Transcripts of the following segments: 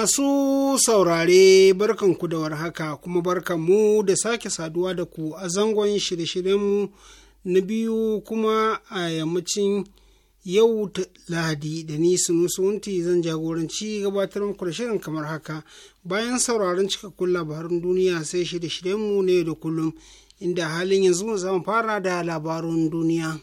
Masu saurare barkanku da haka, kuma barkanmu da sake saduwa da ku a zangon shirye-shiryenmu na biyu kuma a yammacin yau lahadi da ni wunti zan jagoranci gabatar muku da shirin kamar haka bayan sauraron cikakkun labarun duniya sai shirye-shiryenmu ne da kullum inda halin yanzu za mu fara da labarun duniya.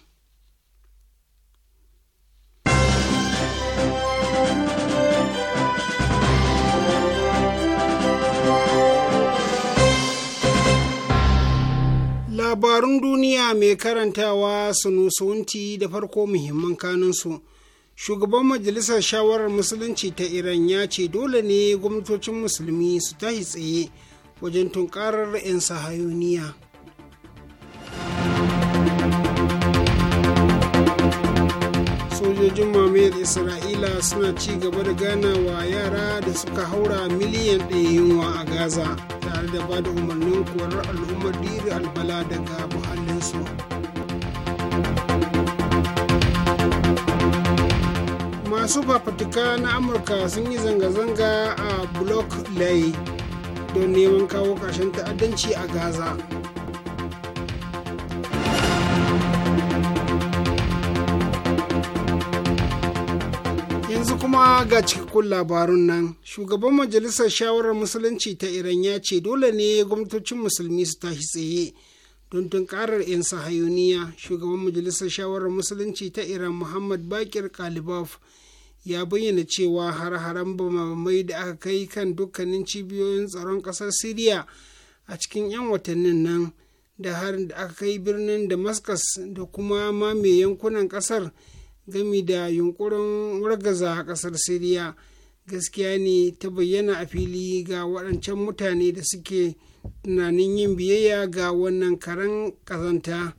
Labarun duniya mai karantawa sunusunti da farko muhimman kanunsu. Shugaban Majalisar Shawarar Musulunci ta Iran ya ce dole ne gwamnatocin musulmi su tashi tsaye wajen tunkarar 'yan sahayoniya. sojojin mamayar isra'ila suna ci gaba da ganawa yara da suka haura miliyan ɗaya yunwa a gaza tare da ba da umarnin korar al'ummar diri albala daga muhallinsu masu fafatuka na amurka sun yi zanga-zanga a block lay don neman kawo ƙarshen ta'addanci a gaza ga cikakkun labarun nan shugaban majalisar shawarar musulunci ta iran ya ce dole ne gwamnatocin musulmi su tashi tsaye don tunkarar 'yan sahayuniya shugaban majalisar shawarar musulunci ta iran muhammad bakir kalibaf ya bayyana cewa har-haren mai da aka kai kan dukkanin cibiyoyin tsaron kasar siriya a cikin 'yan watannin nan da harin da aka kai birnin damascus da kuma mai yankunan kasar. gami da yunkurin wargaza ƙasar siriya gaskiya ne ta bayyana a fili ga waɗancan mutane da suke tunanin yin biyayya ga wannan karen ƙazanta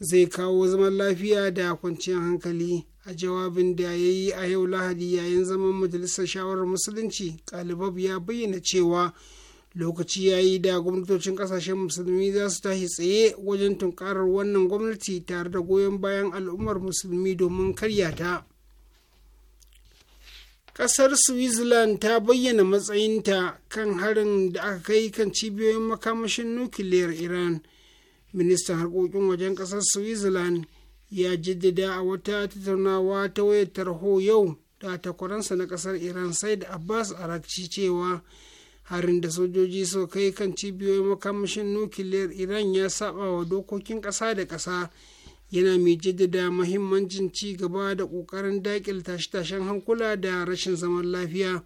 zai kawo zaman lafiya da kwanciyar hankali a jawabin da ya yi a yau lahadi yayin zaman majalisar shawarar musulunci kalibab ya bayyana cewa lokaci ya yi da gwamnatocin kasashen musulmi za su tashi tsaye wajen tunkarar wannan gwamnati tare da goyon bayan al'ummar musulmi domin karya ta kasar switzerland ta bayyana matsayinta kan harin da aka kai kan cibiyoyin makamashin nukiliyar iran ministan harkokin wajen kasar switzerland ya jaddada a wata tattaunawa ta wayar tarho yau da takwaransa na kasar iran said abbas arakci cewa harin da sojoji suka kai kan cibiyoyin makamashin nukiliyar iran ya saba wa dokokin ƙasa da ƙasa yana mai jaddada mahimmancin ci gaba da ƙoƙarin daƙil tashe-tashen hankula da rashin zaman lafiya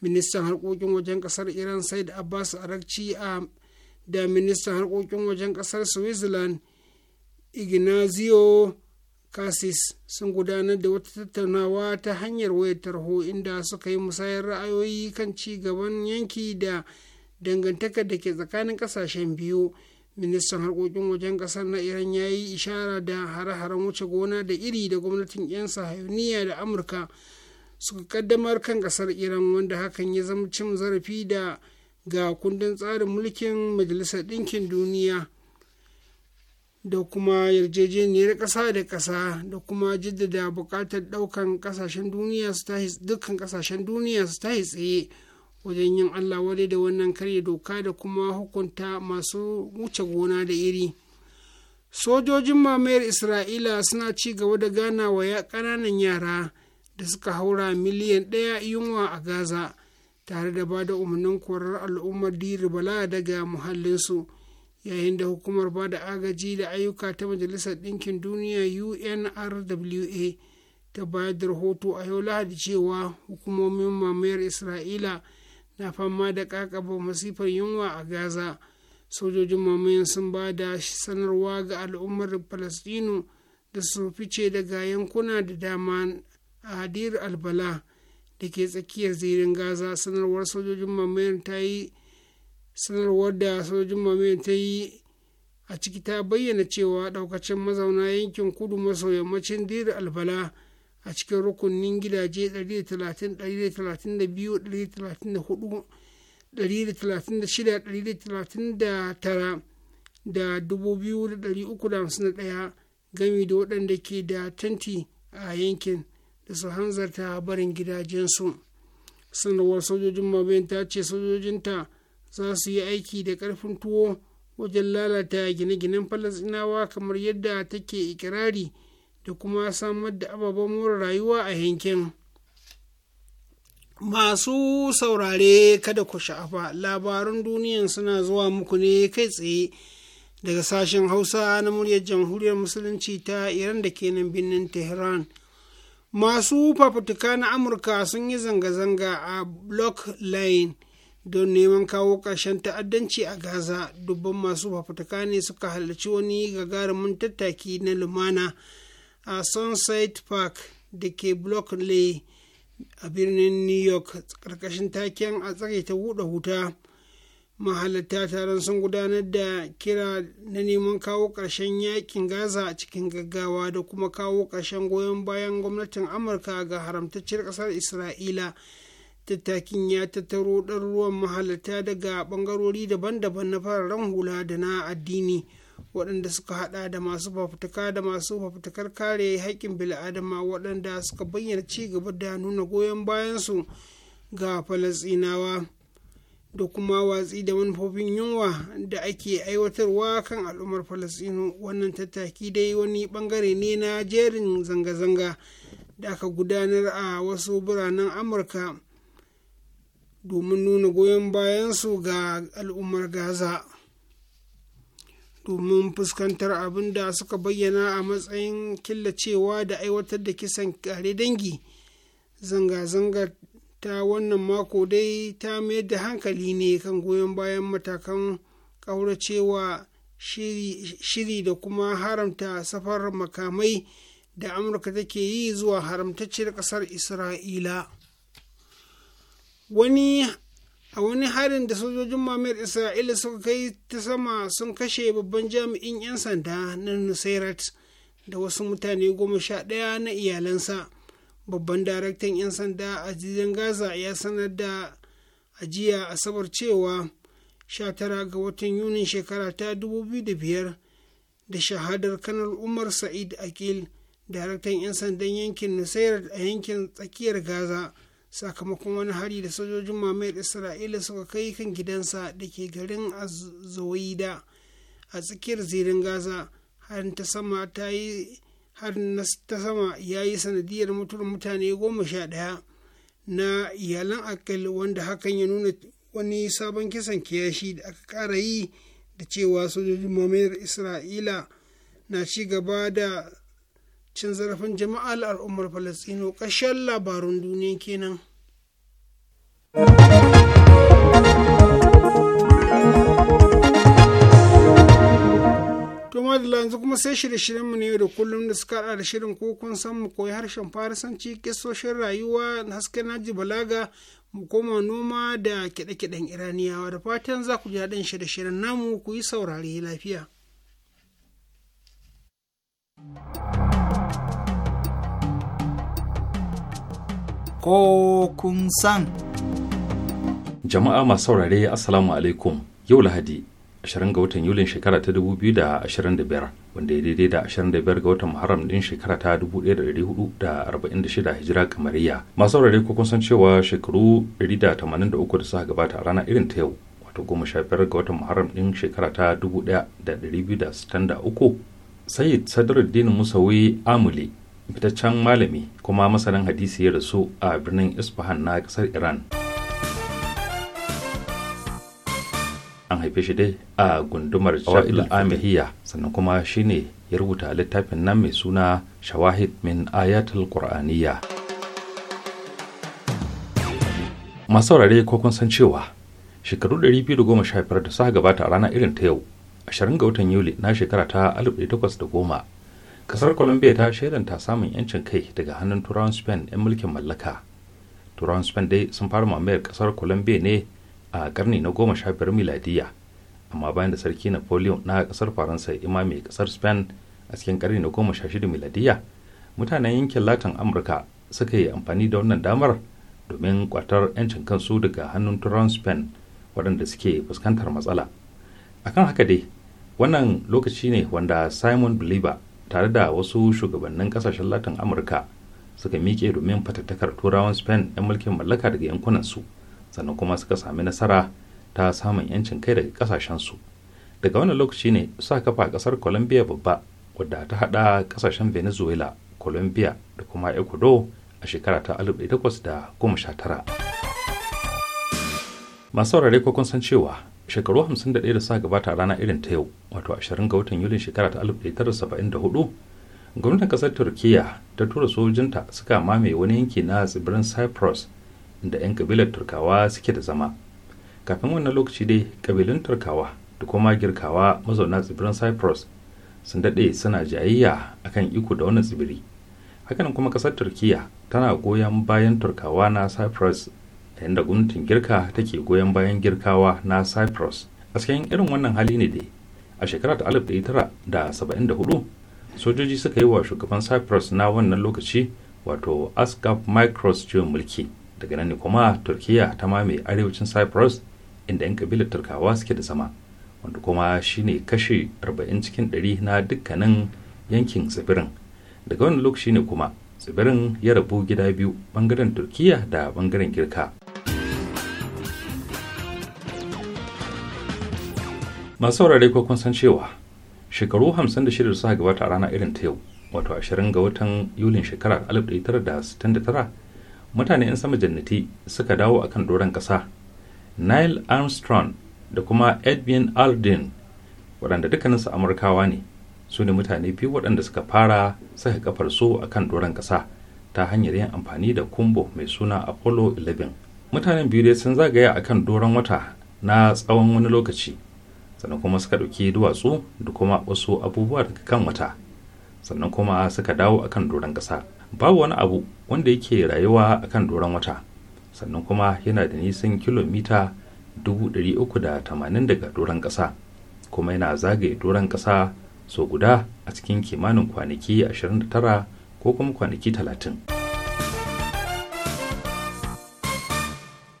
ministan harkokin wajen ƙasar iran said abbas arakci a da ministan harkokin wajen ƙasar switzerland ignazio kasis sun gudanar da wata tattaunawa ta hanyar wayar tarho inda suka yi musayar ra'ayoyi kan ci gaban yanki da dangantaka da ke tsakanin kasashen biyu ministan harkokin wajen kasar na iran ya yi ishara da hare-haren wuce gona da iri da gwamnatin 'yan sahayuniya da amurka suka kaddamar kan kasar iran wanda hakan ya zama cin zarafi da ga kundin tsarin mulkin majalisar ɗinkin duniya da kuma yarjejeniyar ƙasa da ƙasa da kuma jaddada buƙatar ɗaukan ƙasashen duniya su ta dukkan ƙasashen duniya su ta tsaye wajen yin Allah wadai da wannan karya doka da kuma hukunta masu wuce gona da iri. Sojojin mamayar Isra'ila suna ci gaba da gana wa ya ƙananan yara da suka haura miliyan ɗaya yunwa a Gaza tare da ba da umarnin korar al'ummar diri dir-bala daga muhallinsu. yayin da hukumar ba da agaji da ayyuka ta majalisar ɗinkin duniya unrwa ta bayar da rahoto a yau lahadi cewa hukumomin mamayar isra'ila na fama da kakaba masifar yunwa a gaza sojojin mamayan sun ba da sanarwa ga al'ummar palestino da su fice daga yankuna da dama a hadir albala da ke tsakiyar zirin gaza sanarwar sojojin mamayar ta yi sanarwar da sojin mamayin ta yi a ciki ta bayyana cewa daukacin mazauna yankin kudu maso yammacin dir albala a cikin rukunin gidaje 132,134,136,139 da 2,351 gami da waɗanda ke da tanti a yankin da su hanzarta barin gidajensu sanarwar sojojin mamayin ta ce sojojinta za su yi aiki da ƙarfin tuwo wajen lalata gine-ginen falasinawa kamar yadda take ikirari da kuma samar da ababen more rayuwa a yankin masu saurare kada ku sha'afa labarun duniyan suna zuwa muku ne kai tsaye daga sashen hausa na muryar jamhuriyar musulunci ta iran da ke nan birnin tehran masu fafutuka na amurka sun yi zanga-zanga a block line don neman kawo ƙarshen ta'addanci a gaza dubban masu fafutuka ne suka halarci wani gagarumin tattaki na lumana a sunset park da ke block lay a birnin new york ƙarƙashin taken a tsare ta buɗe huta mahalarta taron sun gudanar da kira na neman kawo ƙarshen yakin gaza a cikin gaggawa da kuma kawo ƙarshen goyon bayan gwamnatin amurka ga haramtacciyar ƙasar isra'ila tattakin ya tattaro ruwan mahalarta daga ɓangarori daban-daban na fararen hula da na addini waɗanda suka haɗa da masu fafutuka da masu fafutukar kare haƙƙin bil'adama waɗanda suka bayyana ci gaba da nuna goyon bayansu ga falasɗinawa da kuma watsi da manufofin yunwa da ake aiwatarwa kan al'ummar falastinu wannan tattaki dai wani ɓangare ne na jerin zanga-zanga da aka gudanar a wasu biranen amurka domin nuna goyon bayansu ga al'ummar gaza domin fuskantar abin da suka bayyana a matsayin killacewa da aiwatar da kisan kare dangi zanga-zangar ta wannan mako dai ta mayar da hankali ne kan goyon bayan matakan ƙauracewa shiri da kuma haramta safar makamai da amurka take yi zuwa haramtacciyar ƙasar isra'ila wani a wani harin da sojojin mamayar isra'ila suka kai ta sama sun kashe babban jami'in 'yan sanda na nusairat da wasu mutane goma sha ɗaya na iyalansa babban daraktan 'yan sanda a jirgin gaza ya sanar da ajiya asabar cewa 19 ga watan yunin shekara ta 2005 da shahadar kanar umar sa'id akil daraktan 'yan sandan yankin nusairat a yankin tsakiyar gaza sakamakon wani hari da sojojin mamayar isra'ila suka kai kan gidansa da ke garin azoida a tsakiyar zirin gaza harin ta sama ta yi ta sama ya yi sanadiyar mutuwar mutane goma sha ɗaya na iyalan akal wanda hakan ya nuna wani sabon kisan kiyashi da aka ƙara yi da cewa sojojin mamayar isra'ila na ci gaba da cin zarafin jama'ar al'ummar falastino ƙarshen labarun duniya kenan. Tuma da yanzu kuma sai shirye-shiryenmu ne da kullum da suka hada da shirin ko kun san mu koyi harshen farisanci kisoshin rayuwa haske naji balaga mu koma noma da kiɗe-kiɗen iraniyawa da fatan za ku ji daɗin shirye-shiryen namu ku yi saurari lafiya. ko kun san. Jama'a masu saurare Assalamu alaikum yau Lahadi 20 ga watan Yulin shekara ta 2025 wanda ya daidai da 25 ga watan Muharram din shekara ta 1446 Hijira kamariya. Masu saurare ko kun san cewa shekaru 183 da suka gabata a rana irin ta yau wato 15 ga watan Muharram din shekara ta 1263 Sayyid Sadruddin Musawi Amuli fitaccen malami kuma masanin hadisi ya rasu a birnin isfahan na kasar iran an haife shi dai a gundumar sha'il amihiya sannan kuma shine ya rubuta littafin nan mai suna shawahid min ayatul qur'aniyya masu saurare ko kun san cewa shekaru 215 da suka gabata a rana irin ta yau 20 ga watan yuli na shekara ta 1810 kasar colombia ta shaidanta samun yancin kai daga hannun turawan spain 'yan mulkin mallaka turawan spain dai sun fara mamayar kasar colombia ne a karni na goma sha biyar miladiya amma bayan da sarki napoleon na kasar faransa ima mai kasar spain a cikin karni na goma sha shida miladiya mutanen yankin latin amurka suka yi amfani da wannan damar domin kwatar 'yancin kansu daga hannun turawan spain waɗanda suke fuskantar matsala akan haka dai wannan lokaci ne wanda simon believer tare da wasu shugabannin kasashen latin amurka suka miƙe domin fatattakar turawan spain 'yan mulkin mallaka daga yankunansu sannan kuma suka sami nasara ta samun 'yancin kai daga kasashensu daga wannan lokaci ne sa kafa kasar colombia babba wadda ta hada kasashen venezuela colombia da kuma ecuador a shekara ta 1819 masu saurare ko kun san cewa shekaru 51 da suka gabata a rana irin ta yau wato 20 ga watan yulin shekara ta 1974 gwamnatin kasar turkiya ta tura sojinta suka mamaye wani yanki na tsibirin cyprus da 'yan kabilar turkawa suke da zama kafin wannan lokaci dai kabilun turkawa da kuma girkawa mazauna tsibirin cyprus sun daɗe suna jayayya akan iko da wannan tsibiri hakanan kuma kasar turkiya tana goyon bayan turkawa na cyprus da yadda gwamnatin girka take goyon bayan girkawa na cyprus a cikin irin wannan hali ne dai a shekara ta hudu sojoji suka yi wa shugaban cyprus na wannan lokaci wato ascap micros ciwon mulki daga nan ne kuma turkiya ta mame arewacin cyprus inda 'yan kabilar turkawa suke da zama wanda kuma shine kashe 40 cikin 100 na dukkanin yankin tsibirin daga wannan lokaci ne kuma tsibirin ya rabu gida biyu bangaren turkiya da bangaren girka masu saurare ko kun san cewa shekaru 56 suka gabata a rana irin ta yau wato 20 ga watan yulin shekarar 1969 mutane 'yan sama jannati suka dawo akan doron kasa nile Armstrong da kuma Edwin Aldrin waɗanda dukkaninsu Amurkawa ne su ne mutane biyu waɗanda suka fara saka kafar su a doron kasa ta hanyar yin amfani da kumbo mai suna Apollo 11. Mutanen biyu dai sun zagaya akan doron wata na tsawon wani lokaci sannan kuma suka ɗauki duwatsu da kuma wasu abubuwa daga kan wata sannan kuma suka dawo akan doron ƙasa babu wani abu wanda yake rayuwa akan doron wata sannan kuma yana da nisan kilomita 380 daga doron ƙasa kuma yana zagaye doron ƙasa so guda a cikin kimanin kwanaki 29 ko kuma kwanaki 30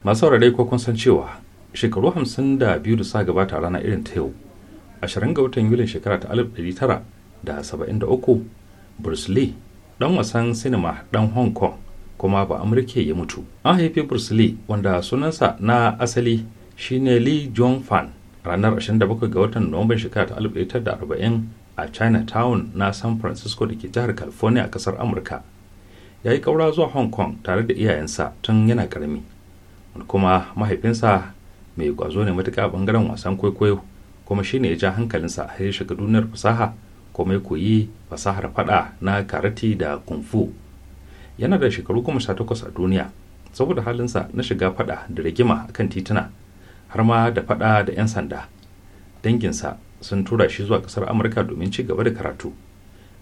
masu ko kun san cewa shekaru 52 da sa gabata a rana irin ta yau ashirin ga watan yulin shekara ta 1973 bruce lee dan wasan sinima dan hong kong kuma ba amurke ya mutu an haifi bruce lee wanda sunansa na asali shine lee jong fan ranar 27 ga watan nuwamban shekara ta 1940 a chinatown na san francisco da ke jihar california a kasar amurka ya yi kaura zuwa hong kong tare da iyayensa tun yana karami kuma mahaifinsa mai gwazo ne matuƙa bangaren wasan kwaikwayo kuma shine ya ja hankalinsa har ya shiga duniyar fasaha kuma ya koyi fasahar faɗa na karati da kung fu yana da shekaru kuma sha takwas a duniya saboda halinsa na shiga faɗa da rigima kan tituna har ma da faɗa da 'yan sanda danginsa sun tura shi zuwa kasar amurka domin ci gaba da karatu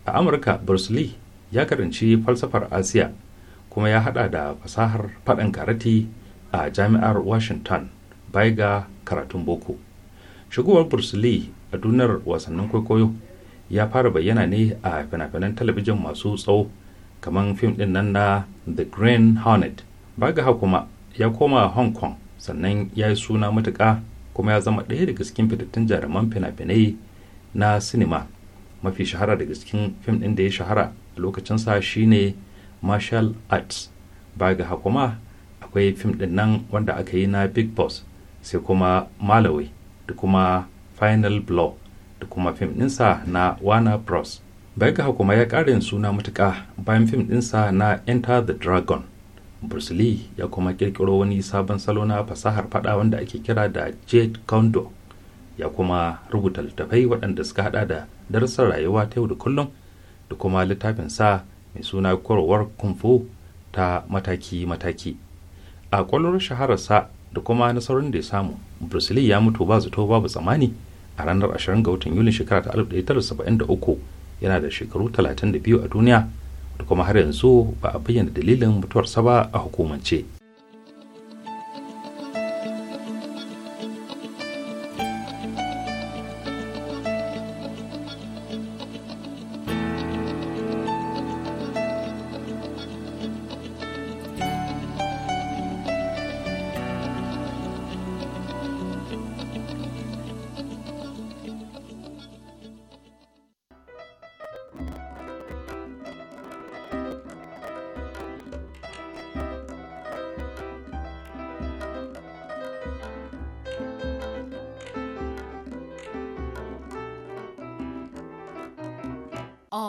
a amurka bruce lee ya karanci falsafar asiya kuma ya haɗa da fasahar faɗan karati a jami'ar washington bai ga karatun boko shigowar bruce lee a duniyar wasannin kwaikwayo ya fara bayyana ne a fina-finan talabijin masu tsawo kamar fim din nan na the green hornet bagaha kuma ya koma hong kong sannan ya yi suna matuka kuma ya zama ɗaya daga cikin fitattun jaruman fina-finai na sinima mafi shahara daga cikin fim din da ya shahara a lokacinsa shine martial arts bagaha kuma akwai fim din nan wanda aka yi na big boss sai kuma malawi da kuma final blow da kuma fim ɗinsa na wana bros bai ga kuma ya ƙarin suna matuƙa bayan fim ɗinsa na enter the dragon bruce lee ya kuma ƙirƙiro wani sabon salo na fasahar fada wanda ake kira da jade kondo ya kuma rubuta littafai waɗanda suka hada da darussan rayuwa ta yau da kullum da kuma littafin sa mai suna korowar kung fu ta mataki-mataki a kwallon shahararsa da kuma nasarorin da ya samu bruce ya mutu ba zato babu tsammani a ranar 20 ga watan yulin shekara ta 1973 yana da shekaru 32 a duniya da kuma har yanzu ba a bayyana dalilin mutuwarsa ba a hukumance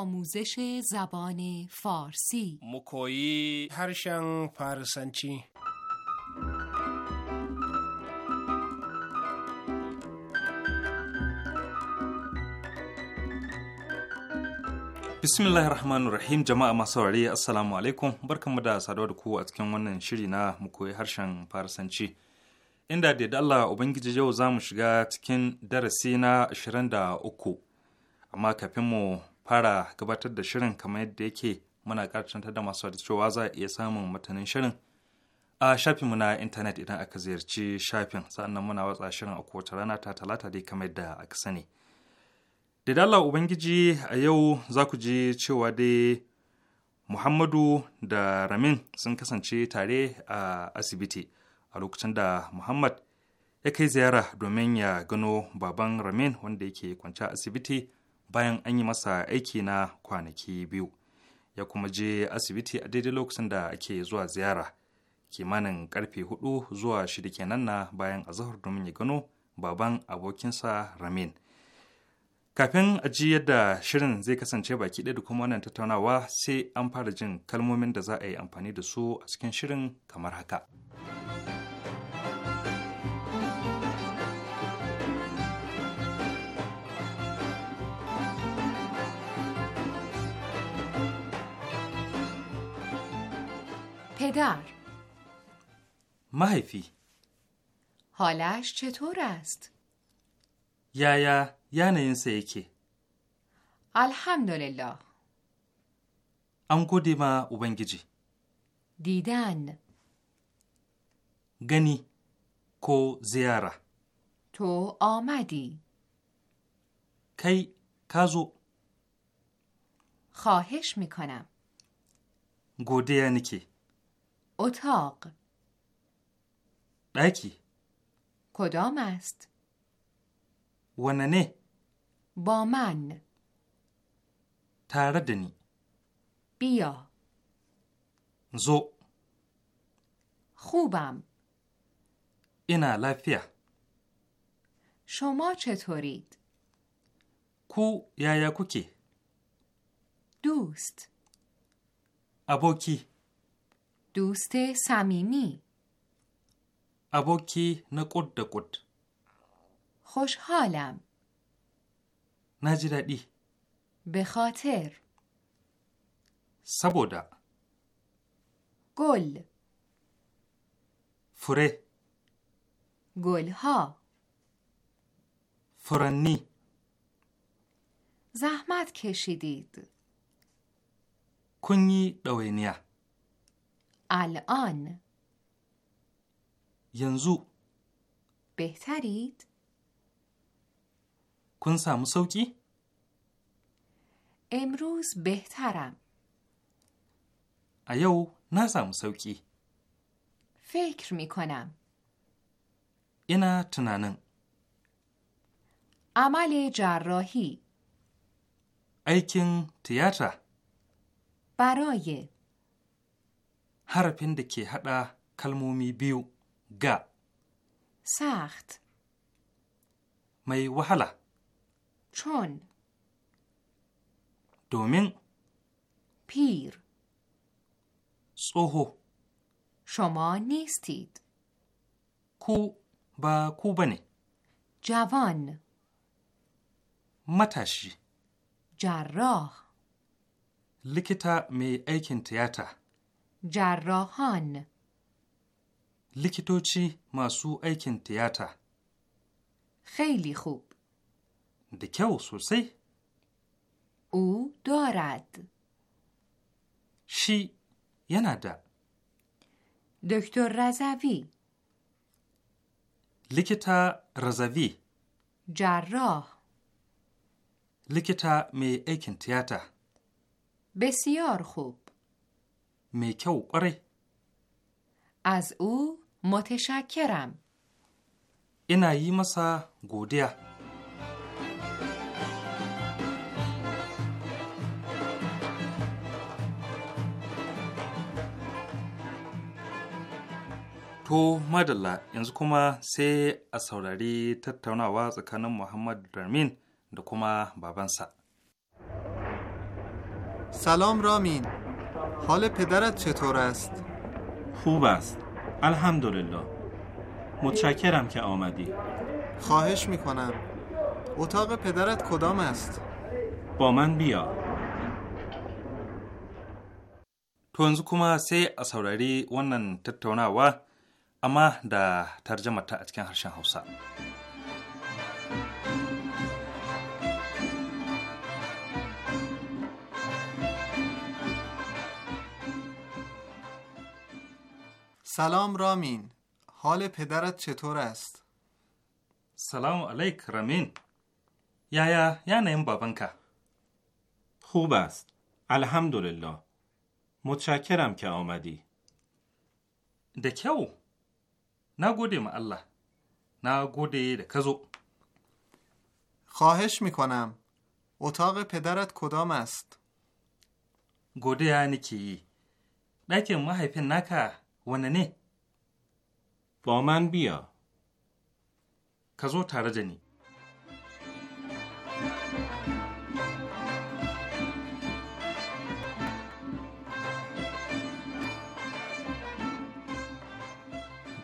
آموزش زبان فارسی مکویی هرشن فارسنچی bismillahir rahmanir rahim jama'a masu saurare assalamu alaikum barkanmu da saduwa da ku a cikin wannan shiri na mu koyi harshen farisanci inda da Allah ubangiji yau za mu shiga cikin darasi na 23 amma kafin mu fara gabatar da shirin kamar yadda yake muna karatantar da masu da cewa za a iya samun matanin shirin a shafinmu na intanet idan aka ziyarci shafin sa'annan muna watsa shirin a kowace rana ta talata dai kamar yadda aka sani da dala ubangiji a yau za ku ji cewa dai muhammadu da ramin sun kasance tare a asibiti a lokacin da muhammad ya kai ziyara domin ya gano baban ramin wanda yake kwanci a asibiti bayan an yi masa aiki na kwanaki biyu ya kuma je asibiti a daidai lokacin da ake zuwa ziyara kimanin karfe hudu zuwa shida kenan na bayan a zahar domin ya gano baban abokinsa ramin kafin a ji yadda shirin zai kasance baki ɗaya da kuma wannan tattaunawa sai an fara jin kalmomin da za a yi amfani da su a cikin shirin kamar haka. پدر مهفی حالش چطور است؟ یا یا یا نینسه اکی الحمدلله امکو دیما او دیدن گنی کو زیاره تو آمدی کی کازو خواهش میکنم گوده یا اتاق دکی کدام است؟ وننه با من تردنی بیا زو خوبم اینا لافیه شما چطورید؟ کو یا یا کوکی دوست ابوکی دوست صمیمی ابوکی نقد دقد خوشحالم نجردی به خاطر سبودا گل فره گلها فرنی زحمت کشیدید کنی دوینیه الان ینزو بهترید؟ کن سامو سوکی؟ امروز بهترم ایو نه سامو فکر می کنم اینا تنانن عمل جراحی ایکن تیاتر برای harafin da ke haɗa kalmomi biyu ga. Sacht. Mai wahala. Chon. Domin. Pir. Tsoho. Shoma nistid. Ku ba ku bane. Javan. Matashi. Jarrah. Likita mai aikin tiyata. جراحان لیکیتوچی ماسو ایکن تیاتا خیلی خوب و سوسی او دارد شی نده. دکتر رزوی لیکتا رزوی جراح لیکتا می ایکن تیاتا بسیار خوب mai kyau قری از او متشکرم اینا یی مسا گودیا To Madala yanzu kuma sai a saurari tattaunawa tsakanin Muhammad Darmin da kuma babansa. Salam Ramin. حال پدرت چطور است؟ خوب است الحمدلله متشکرم که آمدی خواهش میکنم اتاق پدرت کدام است؟ با من بیا تونزو کما سی اصوراری ونن تتونا و، اما دا ترجمه تا a هرشن حوصا سلام رامین حال پدرت چطور است؟ سلام علیک رامین یا یا یا نیم بابنکا خوب است الحمدلله متشکرم که آمدی دکه او. نگودیم الله. نگودی Allah خواهش میکنم اتاق پدرت کدام است گوده یعنی که ما حیفه نکه wanne ne با من ka zo tare da ni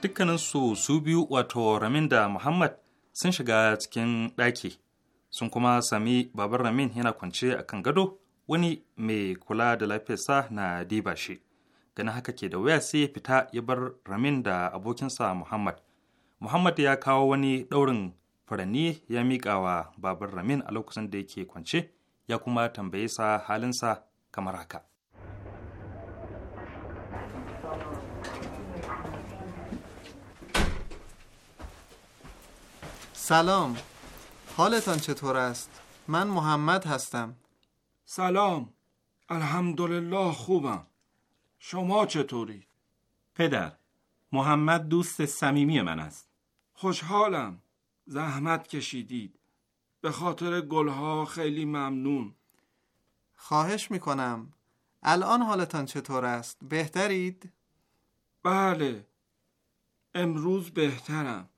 dukkaninsu su biyu wato ramin da muhammad sun shiga cikin ɗaki sun kuma sami baban ramin yana kwance a kan gado wani mai kula da lafiyarsa na diba shi ganin haka ke da waya sai ya fita ya bar ramin da abokinsa muhammad muhammad ya kawo wani ɗaurin furanni ya miƙa wa babar ramin a lokacin da yake kwance ya kuma tambaye sa halinsa kamar haka سلام حالتان چطور است؟ من محمد هستم سلام الحمدلله خوبم شما چطورید؟ پدر محمد دوست صمیمی من است خوشحالم زحمت کشیدید به خاطر گلها خیلی ممنون خواهش میکنم الان حالتان چطور است؟ بهترید؟ بله امروز بهترم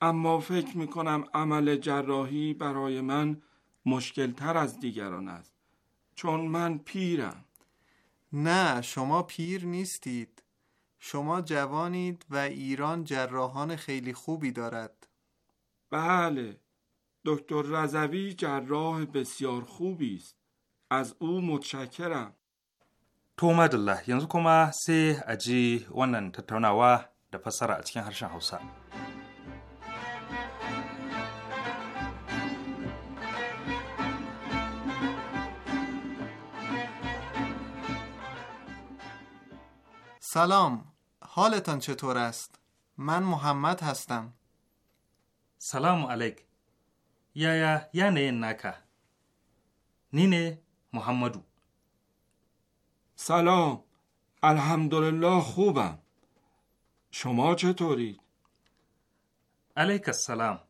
اما فکر میکنم عمل جراحی برای من مشکلتر از دیگران است چون من پیرم نه شما پیر نیستید شما جوانید و ایران جراحان خیلی خوبی دارد بله دکتر رضوی جراح بسیار خوبی است از او متشکرم تو الله یانزو کما سه اجی ونن wannan پسر da هر a سلام حالتان چطور است؟ من محمد هستم سلام علیک یایا نه نکه نینه محمدو سلام الحمدلله خوبم شما چطورید؟ علیک السلام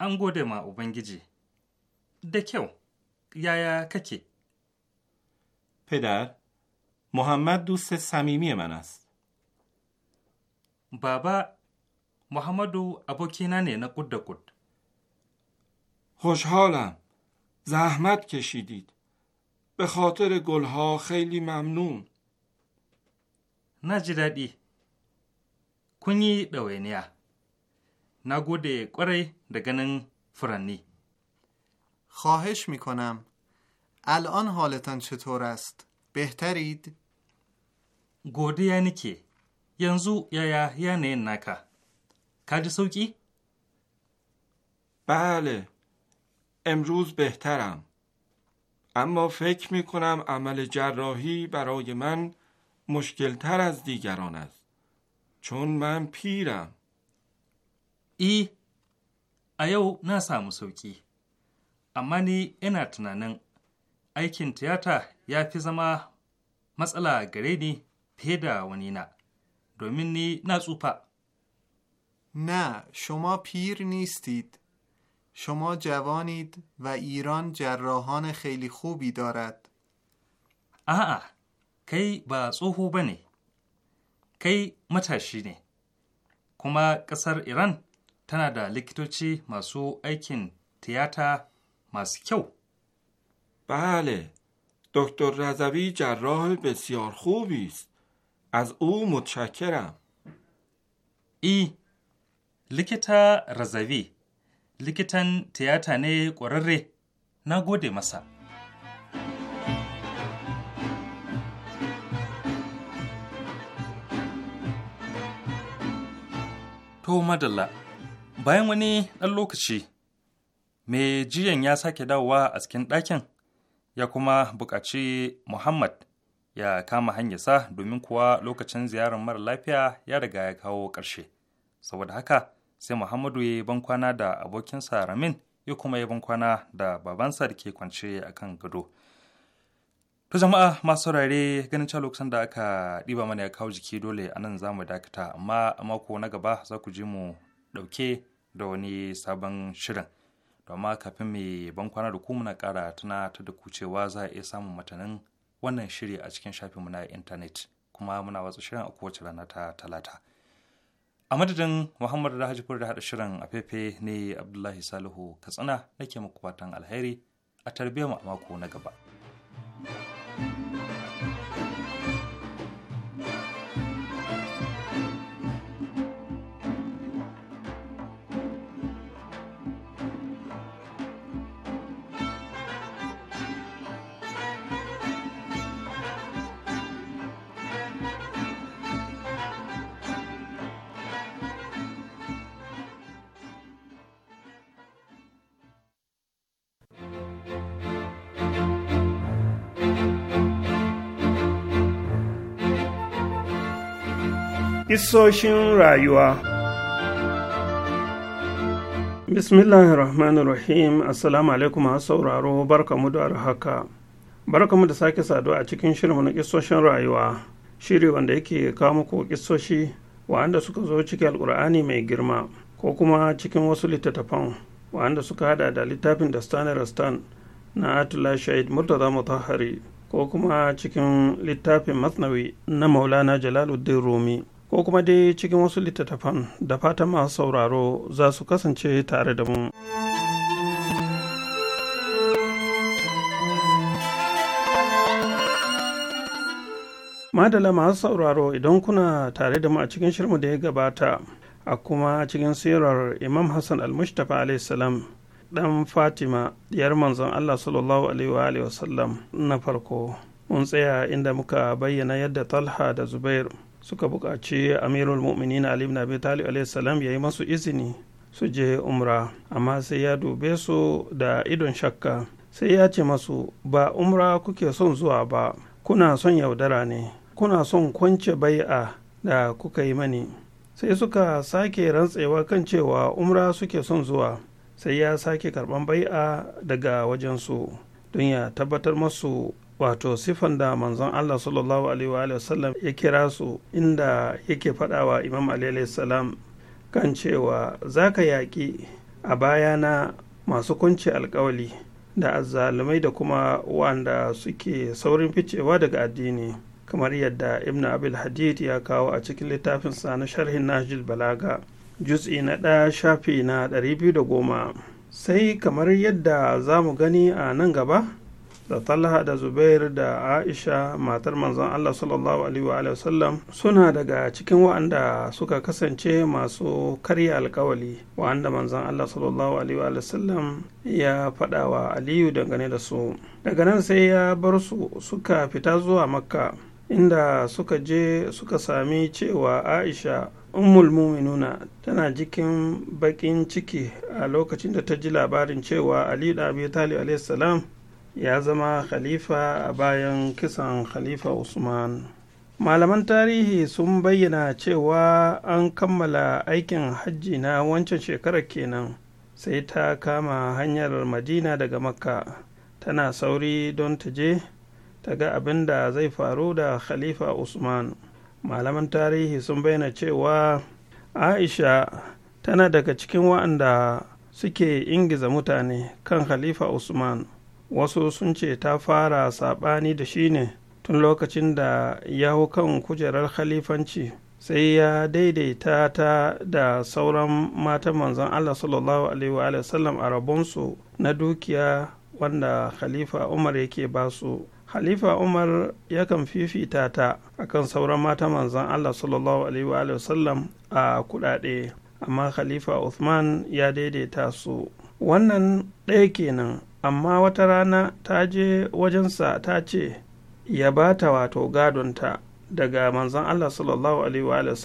ام گوده ما اوبنگیجی، دکیو، یا یا ککی پدر؟ محمد دوست صمیمی من است. بابا محمدو ابو کینانه نه قد قد. خوشحالم. زحمت کشیدید. به خاطر گلها خیلی ممنون. نجردی. کنی دوینیا. نگوده قره دگنن فرنی. خواهش میکنم. الان حالتان چطور است؟ بهترید؟ گوده یعنی که ینزو یا یا یعنی نکا کار سوکی؟ بله امروز بهترم اما فکر می کنم عمل جراحی برای من مشکلتر از دیگران است چون من پیرم ای ایو نسامو سوکی اما نی اینا تنانن aikin tiyata ya fi zama matsala gare ni fiye da wani na, domin ni na tsufa. نه شما پیر نیستید شما جوانید و ایران جراحان خیلی خوبی دارد آه کی با tsoho bane kai matashi ne kuma ƙasar iran tana da likitoci masu aikin tiyata masu kyau bale Dr رضوی جراح بسیار خوبی است از او متشکرم ای likita razavi likitan tiyata ne ƙwararre na gode masa to madalla bayan wani ɗan lokaci Me jiyan ya sake dawowa a cikin ɗakin ya kuma buƙaci Muhammad ya kama hanyarsa domin kuwa lokacin ziyarar mara lafiya ya riga ya kawo ƙarshe. Saboda haka sai Muhammadu ya yi bankwana da abokinsa Ramin ya kuma yi bankwana da babansa da ke kwance a kan gado. ta jama'a masu saurare ganin cewa lokacin da aka ɗiba mana ya kawo jiki dole a nan za mu dakata amma a mako na gaba za ku ji mu ɗauke da wani sabon shirin. amma kafin mai bankwana da ku muna kara tana ta da ku cewa za a iya samun matanin wannan shiri a cikin shafinmu na intanet kuma muna watsa shirin a kowace rana ta talata a madadin muhammadu da hajjifar da haɗa shirin a fefe ne abdullahi salihu katsina nake muku fatan alheri a tarbiyyar mako na gaba. Isoshin rayuwa Bismillahir Rahmanir Rahim Assalamu alaikum a sauraro barkamu da haka. Barkamu da sake saduwa a cikin shirin wani kisoshin rayuwa, shiri wanda yake kawo muku kisoshi wa'anda suka zo cikin alkur'ani mai girma ko kuma cikin wasu littattafan wa'anda suka hada da littafin da Stan na Atula Shahid Murtaza Mutahari ko kuma cikin littafin Masnawi na Maulana Jalaluddin Rumi. ko kuma dai cikin wasu littattafan da fatan masu sauraro za su kasance tare da mu. Madala masu sauraro idan kuna tare da mu a cikin shirmu da ya gabata a kuma cikin sirar Imam Hassan al-Mustapha salam dan Fatima Yar manzon Allah sallallahu alaihi wa sallam na farko mun tsaya inda muka bayyana yadda Talha da Zubair suka buƙaci amirul mu'minin ali ibn abi talib salam ya yi masu izini su je umra amma sai ya dube su da idon shakka sai ya ce masu ba umra kuke son zuwa ba kuna son yaudara ne kuna son kwance bai'a da kuka yi mani sai suka sake rantsewa kan cewa umra suke son zuwa sai ya sake karban bai'a daga wajensu don ya tabbatar masu wato sifan da manzon Allah sallallahu alaihi sallam ya kira su inda yake faɗawa imam Ali salam kan cewa zaka ka yaƙi a bayana masu kunci alkawali da azzalumai da kuma wanda suke saurin ficewa daga addini kamar yadda ibn abil hadid ya kawo a cikin littafin sa na sharhin najil balaga juz'i na ɗaya shafi na 210 sai kamar yadda za mu gani a nan gaba da talha da zubair da aisha matar manzon allah sallallahu alaihi wasallam suna daga cikin wa'anda suka kasance masu karya alkawali wa'anda manzon allah sallallahu alaihi wasallam ya faɗa wa aliyu dangane da su daga nan sai ya bar su suka fita zuwa makka inda suka je suka sami cewa aisha ummul muminuna tana jikin bakin ciki a lokacin da ta ji labarin cewa ali da abi talib salam ya zama khalifa a bayan kisan khalifa usman malaman tarihi sun bayyana cewa an kammala aikin hajji na wancan shekarar kenan sai ta kama hanyar madina daga makka tana sauri don ta je ta ga abin da zai faru da khalifa usman malaman tarihi sun bayyana cewa aisha tana daga cikin wa'anda suke ingiza mutane kan khalifa usman wasu sun ce ta fara saɓani da shi ne tun lokacin da ya hau kan kujerar khalifanci sai ya daidaita ta da sauran mata-manzan Allah sallallahu alaihi wa a rabonsu na dukiya wanda khalifa Umar yake su. Khalifa Umar yakan fifita ta akan sauran mata manzan Allah sallallahu alaihi wa a kudade amma khalifa Uthman ya daidaita su wannan ɗaya kenan amma wata rana ta je wajensa ta ce ya ba ta wato gadonta daga manzon Allah sallallahu alaihi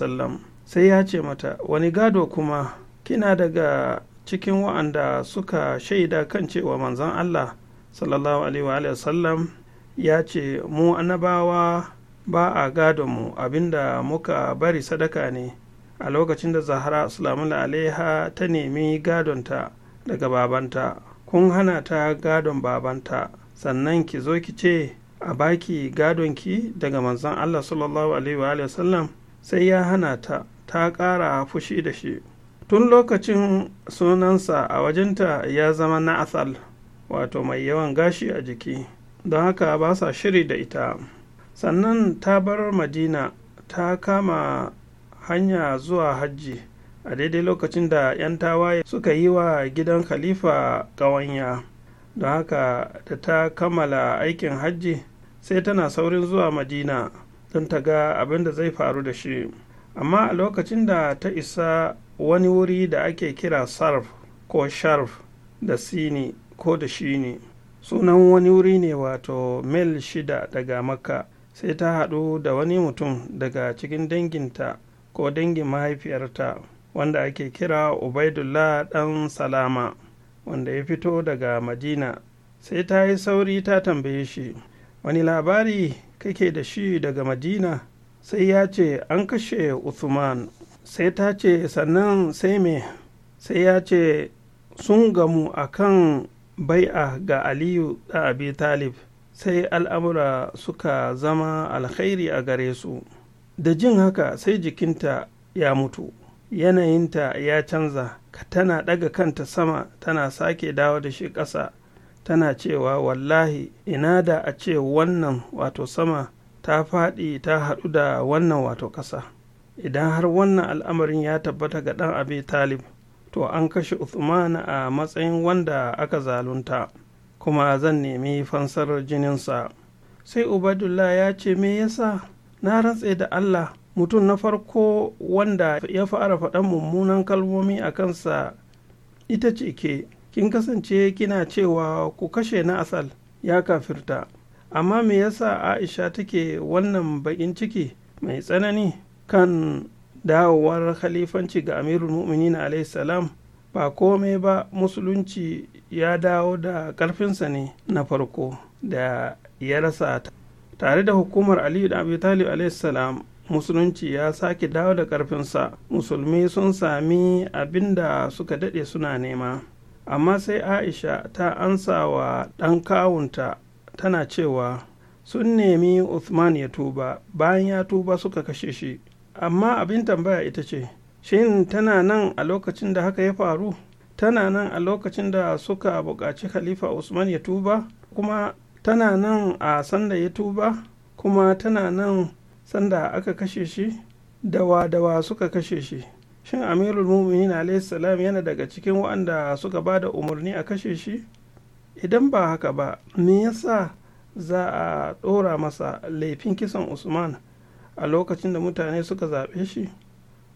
sai ya ce mata wani gado kuma kina daga cikin wa'anda suka shaida kan cewa manzon Allah sallallahu alaihi ya ce mu annabawa ba a gadonmu abinda muka bari sadaka ne a lokacin da zahara salamun ta nemi gadonta daga babanta kun hana ta gadon babanta sannan ki zo ki ce a baki gadonki daga manzon Allah sallallahu alaihi wa sallam sai ya hana ta ta ƙara fushi da shi tun lokacin sunansa a wajenta ya zama na asal wato mai yawan gashi a jiki don haka ba sa shiri da ita sannan ta bar madina ta kama hanya zuwa hajji a daidai lokacin da 'yan tawaye suka yi wa gidan khalifa ƙawanya don haka da ta kammala aikin hajji sai tana saurin zuwa madina don ta ga abin da zai faru da shi amma a lokacin da ta isa wani wuri da ake kira sarf ko sharf da sini ko da shini sunan wani wuri ne wato mil shida daga makka sai ta haɗu da wani mutum daga cikin danginta ko dangin mahaifiyarta wanda ake kira ubaidullah ɗan salama wanda ya fito daga madina sai ta yi sauri ta tambaye shi wani labari kake da shi daga madina sai ya ce an kashe Uthman sai ta ce sannan sai me sai ya ce sun gamu a kan bai'a ga aliyu da abi talib sai al'amura suka zama alkhairi a gare su da jin haka sai jikinta ya mutu yanayinta ya canza tana ɗaga kanta sama tana sake dawo da shi ƙasa tana cewa wallahi ina da a ce wannan wato sama ta faɗi ta haɗu da wannan wato ƙasa idan har wannan al'amarin ya tabbata ga ɗan abi talib to an kashe Uthman a matsayin wanda aka zalunta kuma zan nemi fansar jininsa sai ubadullah ya ce me yasa na rantse da allah mutum na farko wanda ya fara faɗan mummunan kalmomi a kansa ita ce ke kin kasance kina cewa ku kashe na asal ya kafirta amma me yasa aisha take wannan bakin ciki mai tsanani kan dawowar khalifanci ga amirul mu'minin alayhi salam ba komai ba musulunci ya dawo da ƙarfinsa ne na farko da ya rasa tare da hukumar aliyu da abu talib salam musulunci ya sake dawo da ƙarfinsa musulmi sun sami abin da suka daɗe suna nema amma sai aisha ta ansa wa ɗan kawunta tana cewa sun nemi Uthman ya tuba bayan ya tuba suka kashe shi amma abin tambaya ita ce shin tana nan a lokacin da haka ya faru tana nan a lokacin da suka buƙaci khalifa Usman ya tuba kuma tana nan a sanda ya tuba kuma tana nan sanda aka kashe shi dawa dawa suka kashe shi shin amirul muminin salam yana daga cikin waɗanda suka ba da umarni a kashe shi idan ba haka ba me yasa za a ɗora masa laifin kisan usman a lokacin da mutane suka zaɓe shi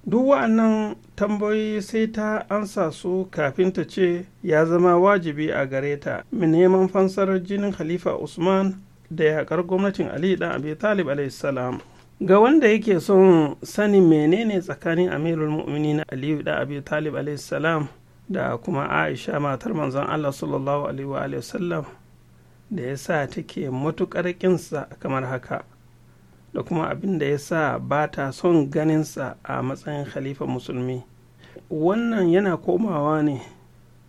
duk wa'annan tambayoyi sai ta ansa su kafin ta ce ya zama wajibi a gare ta mu neman fansarar jinin khalifa usman da yaƙar gwamnatin ali dan abi talib alaihissalam ga wanda yake son sanin menene tsakanin amirul na aliyu da abu talib salam da kuma aisha matar manzon allah sallallahu alaihi sallam da ya sa take matuƙar ƙinsa kamar haka da kuma abin da ya sa ba ta son ganinsa a matsayin khalifa musulmi wannan yana komawa ne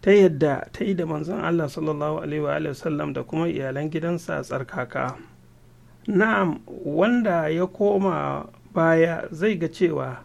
ta yadda ta yi da manzon allah sallallahu alaihi sallam da kuma iyalan gidansa tsarkaka. na'am wanda ya koma baya zai ga cewa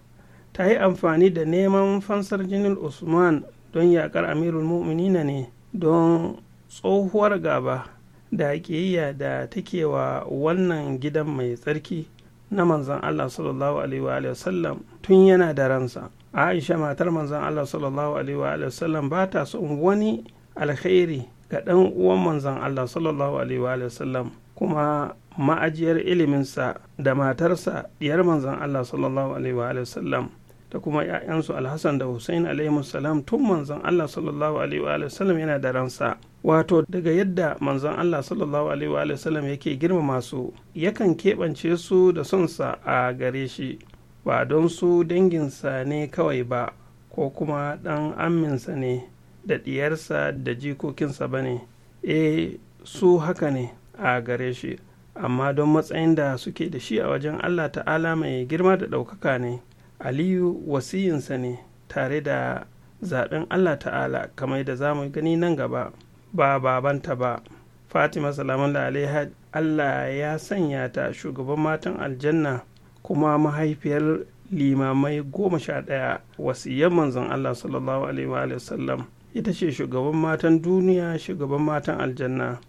ta yi amfani da neman fansar jinin usman don yakar amirul mu'minina ne don tsohuwar gaba da ƙiyayya da take wa wannan gidan mai tsarki na manzan Allah sallallahu alaihi wa sallam tun yana da ransa Aisha matar manzan Allah sallallahu alaihi wa sallam ba ta son wani alkhairi ga ɗan uwan manzan Allah sallallahu alaihi wa sallam kuma ma'ajiyar iliminsa da matarsa diyar manzon Allah sallallahu alaihi wa sallam da kuma 'ya'yansu alhassan da hussein alaihi salam tun manzon Allah sallallahu alaihi wa sallam yana da ransa wato daga yadda manzon Allah sallallahu alaihi wa sallam yake girmama su yakan keɓance su da sonsa a gare shi ba don su danginsa ne kawai ba ko kuma ɗan aminsa ne da ɗiyarsa da jikokinsa ba ne Eh su haka ne a gare shi amma don matsayin da suke da shi a wajen allah ta'ala mai girma da ɗaukaka ne aliyu wasiyinsa ne tare da zaɓen allah ta'ala kamar da za mu gani nan gaba ba babanta ba fatima salamun alaiha allah ya sanya ta shugaban matan aljanna kuma mahaifiyar limamai goma sha ɗaya wasiyyar manzon allah sallallahu alaihi wa sallam ita ce shugaban matan duniya shugaban matan aljanna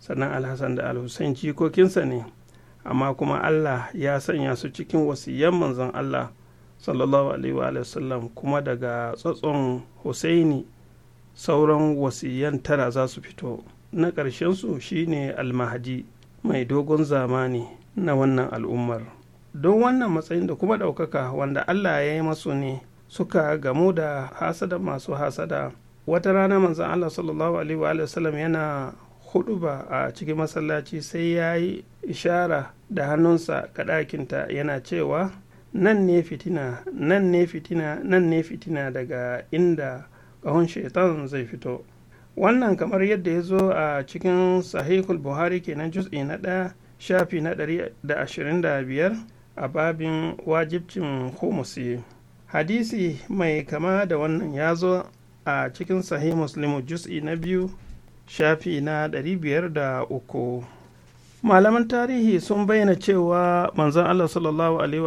sannan alhassan da alhussein jikokinsa ne amma kuma allah ya sanya su cikin wasiyan manzon allah sallallahu alaihi wa sallam kuma daga tsatson husaini sauran wasiyan tara za su fito na ƙarshensu shine almahadi mai dogon zamani na wannan al'ummar don wannan matsayin da kuma ɗaukaka wanda allah ya yi masu ne suka gamu da hasada masu hasada wata rana manzan allah sallallahu alaihi wa sallam yana hudu ba a cikin masallaci sai ya yi ishara da hannunsa ga ɗakinta yana cewa nan ne fitina nan ne fitina nan ne fitina daga inda ƙahon shaitan zai fito wannan kamar yadda ya zo a cikin sahihul buhari kenan jus'i na ɗaya shafi na ɗari da ashirin da biyar a babin wajibcin humusi hadisi mai kama da wannan ya zo a cikin sahih muslimu jus'i na biyu shafi na uku. malaman tarihi sun bayyana cewa manzon allah sallallahu alaihi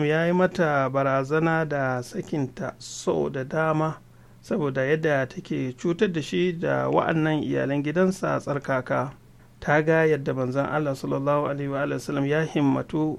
wa ya yi mata barazana da sakinta sau da dama saboda yadda take cutar da shi da wa'annan iyalan gidansa tsarkaka ta ga yadda manzon allah sallallahu alaihi wa ya himmatu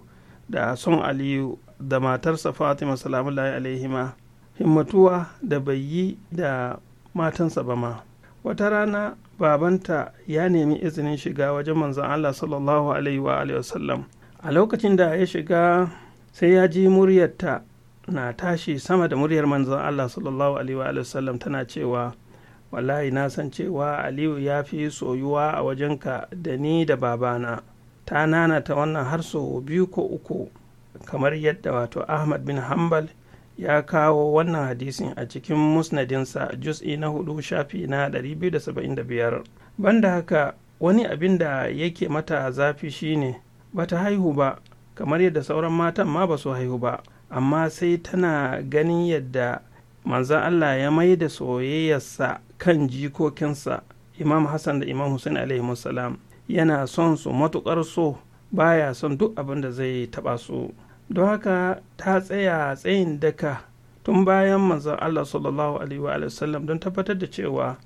da son aliyu da matarsa fatima salamu alaihima himmatuwa da bai yi da matansa ba ma wata rana babanta ya nemi izinin shiga wajen manzan Allah sallallahu alaihi wa wasallam a lokacin da ya shiga sai ya ji muryarta na tashi sama da muryar manzan Allah sallallahu alaihi wa wasallam tana cewa wallahi na san cewa Aliyu ya fi soyuwa a wajenka da ni da babana ta nana ta wannan har sau biyu ko uku kamar yadda wato Ahmad bin Hanbal ya kawo wannan hadisin a cikin musnadinsa jus'i na hudu shafi na 275 banda haka wani abin da yake mata zafi shine bata haihu ba kamar yadda sauran matan ma ba su haihu ba amma sai tana ganin yadda manzan Allah ya mai da soyayyarsa kan jikokinsa imam Hassan da imam Hussein alaihi salam yana son su matukar so baya son duk abin da zai taba su. don haka ta tsaya tsayin daka tun bayan manzon allah sallallahu alaihi wa sallam don tabbatar da cewa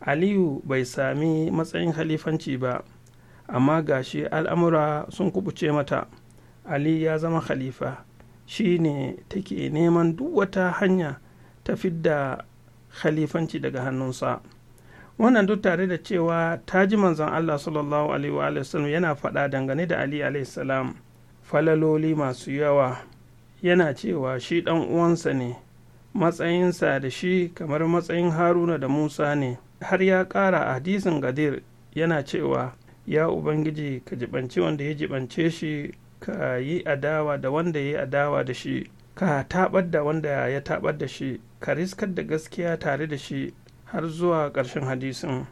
aliyu bai sami matsayin halifanci ba amma gashi al'amura sun kubuce mata ali ya zama khalifa shi ne take neman duk wata hanya ta fidda khalifanci daga hannunsa wannan duk tare da cewa ta ji manzon allah sallallahu alaihi wa sallam yana faɗa dangane da ali alaihi salam falaloli masu yawa yana cewa shi ɗan uwansa ne matsayinsa da shi kamar matsayin haruna da musa ne har ya ƙara a hadisin gadir yana cewa ya ubangiji ka jibanci wanda ya jibance shi ka yi adawa da wanda ya yi adawa da shi ka taɓar da wanda ya taɓar da shi ka riskar da gaskiya tare da shi har zuwa ƙarshen hadisin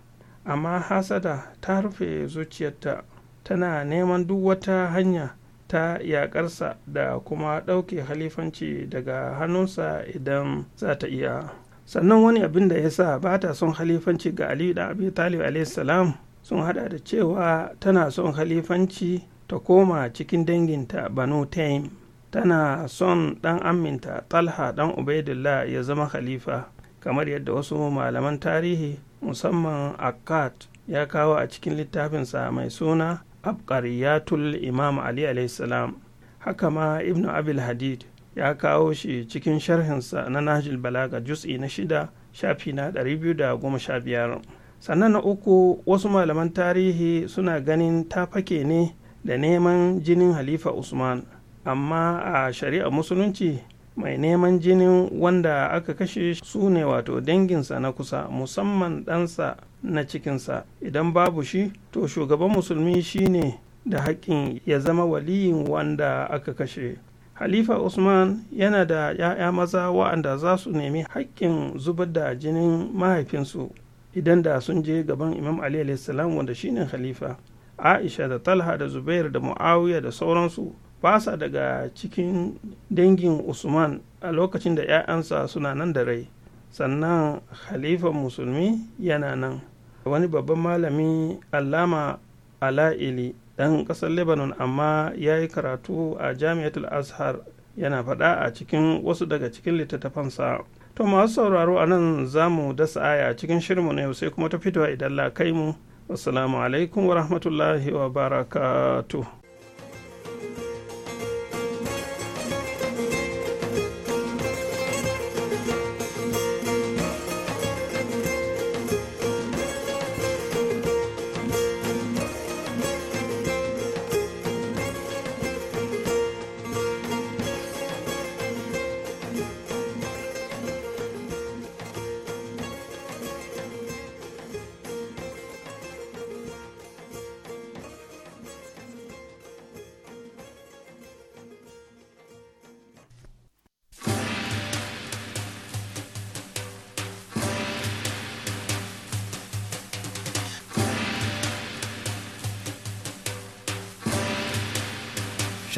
amma hasada ta rufe zuciyarta tana neman duk wata hanya ta yaƙarsa da kuma ɗauke halifanci daga hannunsa idan za ta iya sannan wani abin da ya sa ba ta son halifanci ga aliyu da abi talib salam sun hada da cewa tana son halifanci ta koma cikin danginta banu taim tana son ɗan aminta talha ɗan ubaidullah ya zama halifa kamar yadda wasu malaman tarihi musamman akkad ya kawo a cikin littafinsa mai suna abkariyatul imam ali salam haka ma ibn abil hadid ya kawo shi cikin sharhinsa na nahjul balaga jus'i na shida shafi na 215 sannan na uku wasu malaman tarihi suna ganin ta fake ne da neman jinin halifa usman amma a shari'a musulunci mai neman jinin wanda aka kashe su ne wato danginsa na kusa musamman ɗansa na cikinsa idan babu shi to shugaban musulmi shi ne da haƙƙin ya zama waliyin wanda aka kashe halifa usman yana da 'ya'ya maza wa'anda za su nemi haƙƙin zubar da jinin mahaifinsu idan da sun je gaban imam ali wanda shine halifa aisha da talha da zubair da muawiya da sauransu basa daga cikin dangin usman a lokacin da 'ya'yansa suna nan da rai sannan khalifar musulmi yana nan wani babban malami allama ala'ili ɗan kasar lebanon amma ya yi karatu a jami'atul azhar yana faɗa a cikin wasu daga cikin littattafansa to masu sauraro a nan za mu dasa aya cikin shirinmu na yau sai kuma ta fitowa idan la kai mu assalamu alaikum wa rahmatullahi wa barakatuh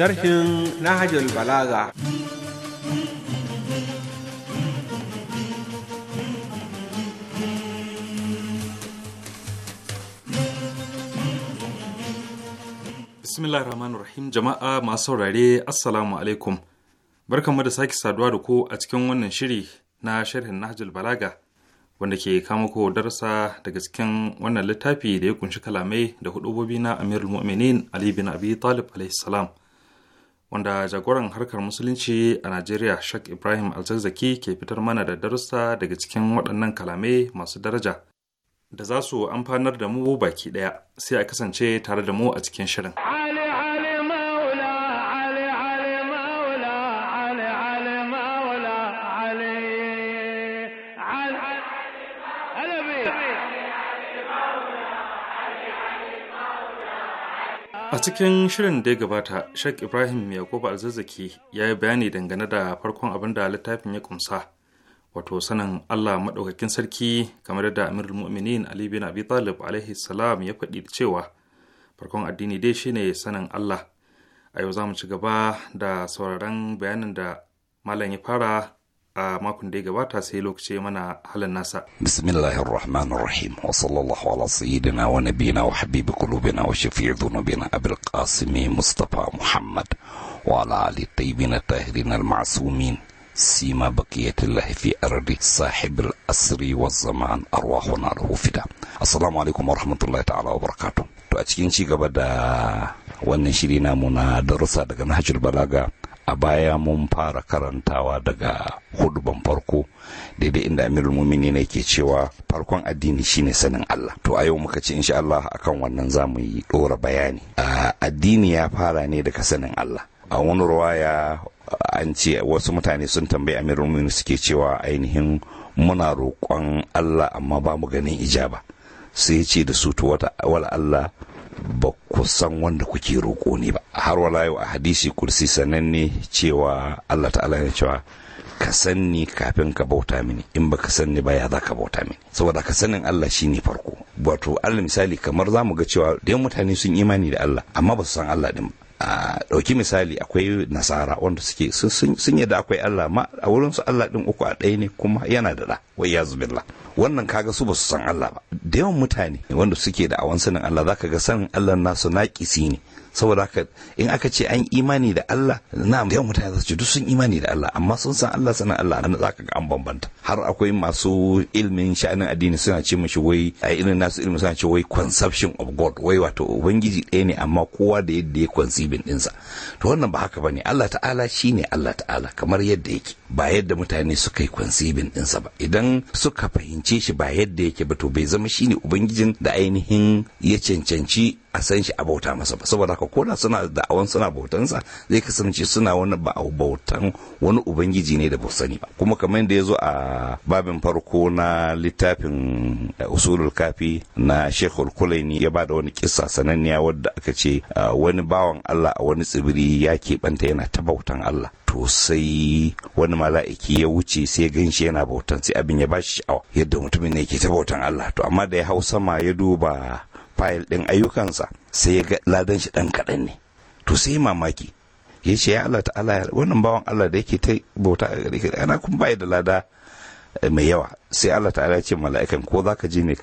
sharhin Nahajul Balaga. Bismillah rahman rahim jama'a masu saurare assalamu alaikum barkanmu da sake saduwa da ku a cikin wannan shiri na sharhin Nahjul Balaga wanda ke kama ko darasa daga cikin wannan littafi da ya kunshi kalamai da hudubobi na Amirul Mu'minin Ali bin Abi Talib alaihi salam wanda jagoran harkar musulunci a Najeriya Sheikh Ibrahim Alzazzaki ke fitar mana da darussa daga cikin waɗannan kalamai masu daraja da za su amfanar da mu baki ɗaya sai a kasance tare da mu a cikin shirin. a cikin shirin da ya gabata sheikh ibrahim yakubu alzazzaki ya yi bayani dangane da farkon abin da littafin ya kumsa wato sanin allah maɗaukakin sarki kamar da Amir mu'minin ali bin abi talib alaihi salam ya faɗi cewa farkon addini dai shine sanin allah a yau za mu ci gaba da sauraron bayanin da malam ya fara a makon da ya gabata sai lokaci mana halin nasa. Bismillahir Rahmanir Rahim wa sallallahu ala sayyidina wa nabiyina wa habibi qulubina wa shafi'i dhunubina Abul Qasim Mustafa Muhammad wa ala ali tayyibin tahirin al ma'sumin fi ardi sahib al asri wa zaman arwahuna al hufida. Assalamu alaikum wa rahmatullahi ta'ala wa barakatuh. to a cikin ci gaba da wannan shiri namu na darussa daga nahajul balaga a baya mun fara karantawa daga huduban farko daidai inda amirul mumini ne ke cewa farkon addini shine sanin Allah to a yau muka ce insha Allah akan wannan za mu yi dora bayani addini ya fara ne daga sanin Allah a wani ruwaya an ce wasu mutane sun tambayi amirul mumini suke cewa ainihin muna roƙon Allah amma ba mu ganin ijaba sai ce da su to wala Allah ba ku san wanda kuke roƙo ne ba har wala yau a hadisi kursi sananne cewa Allah ta'ala ya cewa ka sanni kafin ka bauta mini in baka sanni ba ya za ka bauta mini saboda ka sanin Allah ne farko wato Allah misali kamar za ga cewa da mutane sun imani da Allah amma ba su san Allah din a ɗauki misali akwai nasara wanda suke sun yadda akwai Allah ma a wurin su Allah ɗin uku a ɗaya ne kuma yana da ɗa wai ya zubilla wannan kaga su basu san Allah ba da yawan mutane wanda suke da awan sanin Allah zaka ga sanin Allah nasu naƙisi ne saboda haka in aka ce an imani da Allah na yawan mutane za su ce duk sun imani da Allah amma sun san Allah sanan Allah na zaka ga an bambanta har akwai masu ilmin sha'anin addini suna ce mishi wai a irin nasu ilmin suna ce wai conception of God wai wato ubangiji ɗaya ne amma kowa da yadda ya conceiving insa. to wannan ba haka bane Allah ta'ala shine Allah ta'ala kamar yadda yake ba yadda mutane suka yi conceiving ɗinsa ba idan suka fahimce shi ba yadda yake ba to bai zama shine ubangijin da ainihin ya cancanci a san shi a bauta masa ba saboda haka ko da suna da'awan suna bautansa zai kasance suna wani bautan wani ubangiji ne da ba sani ba kuma kamar yadda ya zo a babin farko na littafin eh, usulul kafi na shekul kulaini ya ba da wani kisa sananniya wadda aka ce eh, wani bawan allah a wani tsibiri ya keɓanta yana ta bautan allah to sai wani mala'iki ya wuce sai gan shi yana bautan sai abin ya bashi sha'awa yadda mutumin ne ke ta bautan Allah to amma da ya hau sama ya duba fayil ɗin ayyukansa sai ya ga ladan shi ɗan kaɗan ne to sai mamaki ya ce ya Allah ta'ala wannan bawan Allah da yake ta bauta a gare ana kun bai da lada mai yawa sai Allah ta'ala ya ce mala'ikan ko zaka ji ne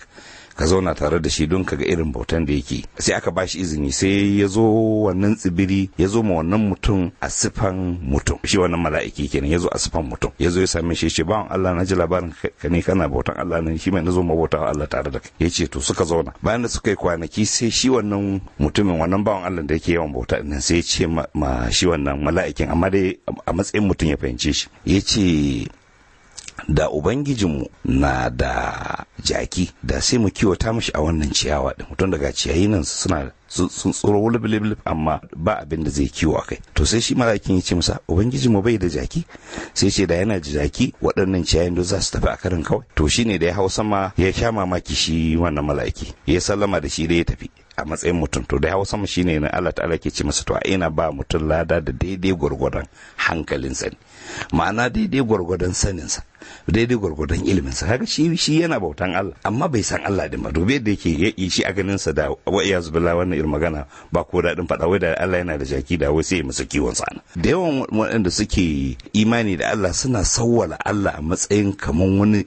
ka zauna tare da shi don ka ga irin bautan da yake sai aka ba shi izini sai ya zo wannan tsibiri ya zo ma wannan mutum a sifan mutum shi wannan mala'iki kenan ya zo a sifan mutum ya zo ya same shi ce bawan Allah na ji labarin ka ne kana bautan Allah ne shi mai na zo ma bautawa Allah tare da kai ya ce to suka zauna bayan da suka yi kwanaki sai shi wannan mutumin wannan bawan Allah da yake yawan bauta nan sai ya ce ma shi wannan mala'ikin amma dai a matsayin mutum ya fahimce shi ya ce da ubangijinmu na da jaki da sai mu kiwata mashi a wannan ciyawa din mutum daga ciyayi nan suna sun tsoro wulif amma ba abin da zai kiwo a kai to sai shi malakin ya ce masa ubangiji mu bai da jaki sai ce da yana da jaki waɗannan ciyayin da za su tafi a karin kawai to shine da ya hau sama ya sha mamaki shi wannan malaki ya sallama da shi da ya tafi a matsayin mutum to da hau sama shine na Allah ta'ala ke ce masa to a ina ba mutum lada da daidai gwargwadon hankalinsa ne ma'ana daidai gwargwadon saninsa daidai gwargwadon iliminsa haka shi shi yana bautan Allah amma bai san Allah din ba dobe da yake ya shi a ganin sa da wa iya zubilla wannan irin magana ba ko daɗin faɗa wai da Allah yana da jaki da wai sai masa kiwon sa da yawan waɗanda suke imani da Allah suna sawwala Allah a matsayin kaman wani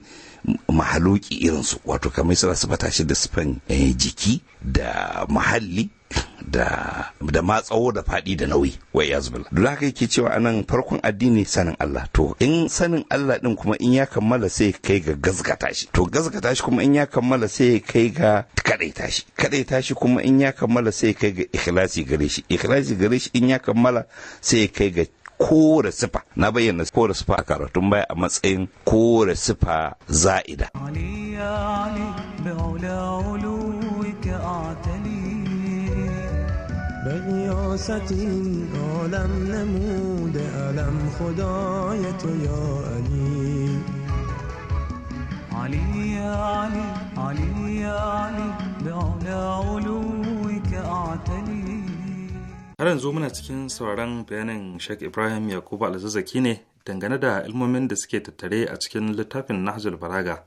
mahaluki irinsu wato kamar suna sifata shi da sifan eh, jiki da muhalli da da matsawo da fadi da nauyi wai ya zubila don haka yake cewa anan farkon addini sanin Allah to in sanin Allah din kuma in ya kammala sai kai ga gazgata shi to gazgata shi kuma in ya kammala sai kai ga kadaita shi kadaita shi kuma in ya kammala sai kai ga ikhlasi gare shi ikhlasi gare shi in ya kammala sai kai ga kore sifa na bayyana kore sifa a karatun baya a matsayin kore sifa za'ida بغياست این عالم نموده علم خدای تو یا علی علي يا علي علي يا علي بعلى علوك أعتلي har yanzu muna cikin sauraron bayanin Sheikh Ibrahim Yakubu Alzazzaki ne dangane da ilmomin da suke tattare a cikin littafin Nahjul Balaga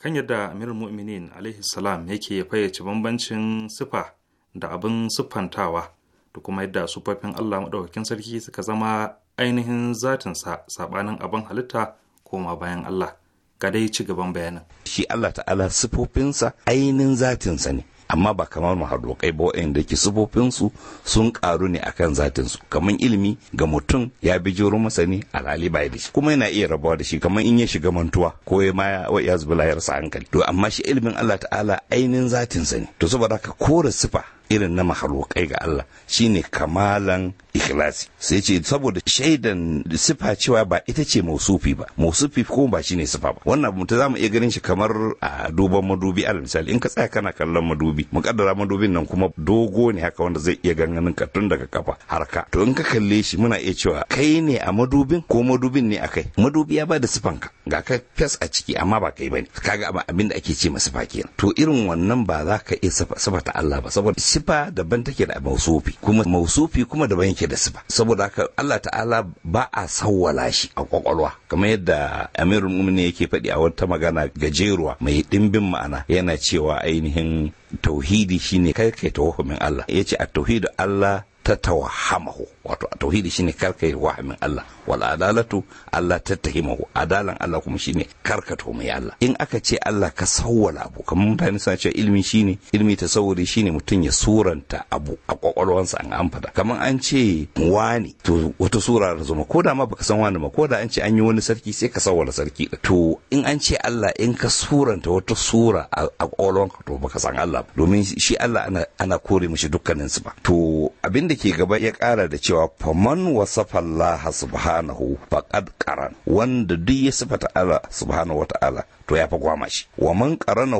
kan yadda Amir Mu'minin alaihi salam yake fayyace bambancin sifa da abin siffantawa da kuma yadda sufafin Allah maɗaukakin sarki suka zama ainihin zatinsa saɓanin abin halitta koma bayan Allah. Ga dai ci gaban bayanin. Shi Allah ta'ala sifofinsa ainihin zatinsa ne. amma ba kamar mahadokai ba waɗanda ke sufofinsu sun karu ne akan zatin su kamar ilimi ga mutum ya bi jiro masani a alhali ba da shi kuma yana iya rabuwa da shi kamar in ya shiga mantuwa ko ya ma ya zubi layarsa hankali to amma shi ilimin Allah ta'ala ainihin zatinsa ne to saboda ka kore sifa irin na mahalokai ga Allah shine kamalan ikhlasi sai ce saboda shaidan sifa cewa ba ita ce mausufi ba mausufi ko ba shine sifa ba wannan mutum zamu iya ganin shi kamar a duban madubi al misali in ka tsaya kana kallon madubi mukaddara madubin nan kuma dogo ne haka wanda zai iya ganganin ka tun daga kafa Harka to in ka kalle shi muna iya cewa kai ne a madubin ko madubin ne a kai? madubi ya bada sifan ka ga ka fes a ciki amma ba kai bane kaga abin da ake ce masa sifa kenan to irin wannan ba za ka iya ta Allah ba saboda sifa daban take da mausufi kuma mausufi kuma daban yake da sifa saboda haka Allah ta'ala ba a sawwala shi a kwakwalwa kamar yadda Amirul Mu'minin yake faɗi a wata magana gajeruwa mai dimbin ma'ana yana cewa ainihin tauhidi shine kai kai tawahumin Allah yace at-tauhidu Allah ta tawahamahu wato a tauhidi shine karka yi wahamin Allah wal adalatu Allah tattahimahu adalan Allah kuma shine karka tuhumi Allah in aka ce Allah ka sawwala abu kamar mutane suna cewa ilimi shine ilimi tasawuri shine mutum ya suranta abu a kwakwalwansa an an kamar an ce wani to wata sura da zuma ko da ma baka san wani ma ko da an ce an yi wani sarki sai ka sawwala sarki to in an ce Allah in ka suranta wata sura a kwakwalwanka to baka san Allah domin shi Allah ana ana kore mishi dukkanin su ba to abin da ke gaba ya kara da cewa cewa faman wasafa Allah subhanahu faqad qaran wanda duk ya sifata Allah subhanahu wata'ala to ya fa gwama shi wa man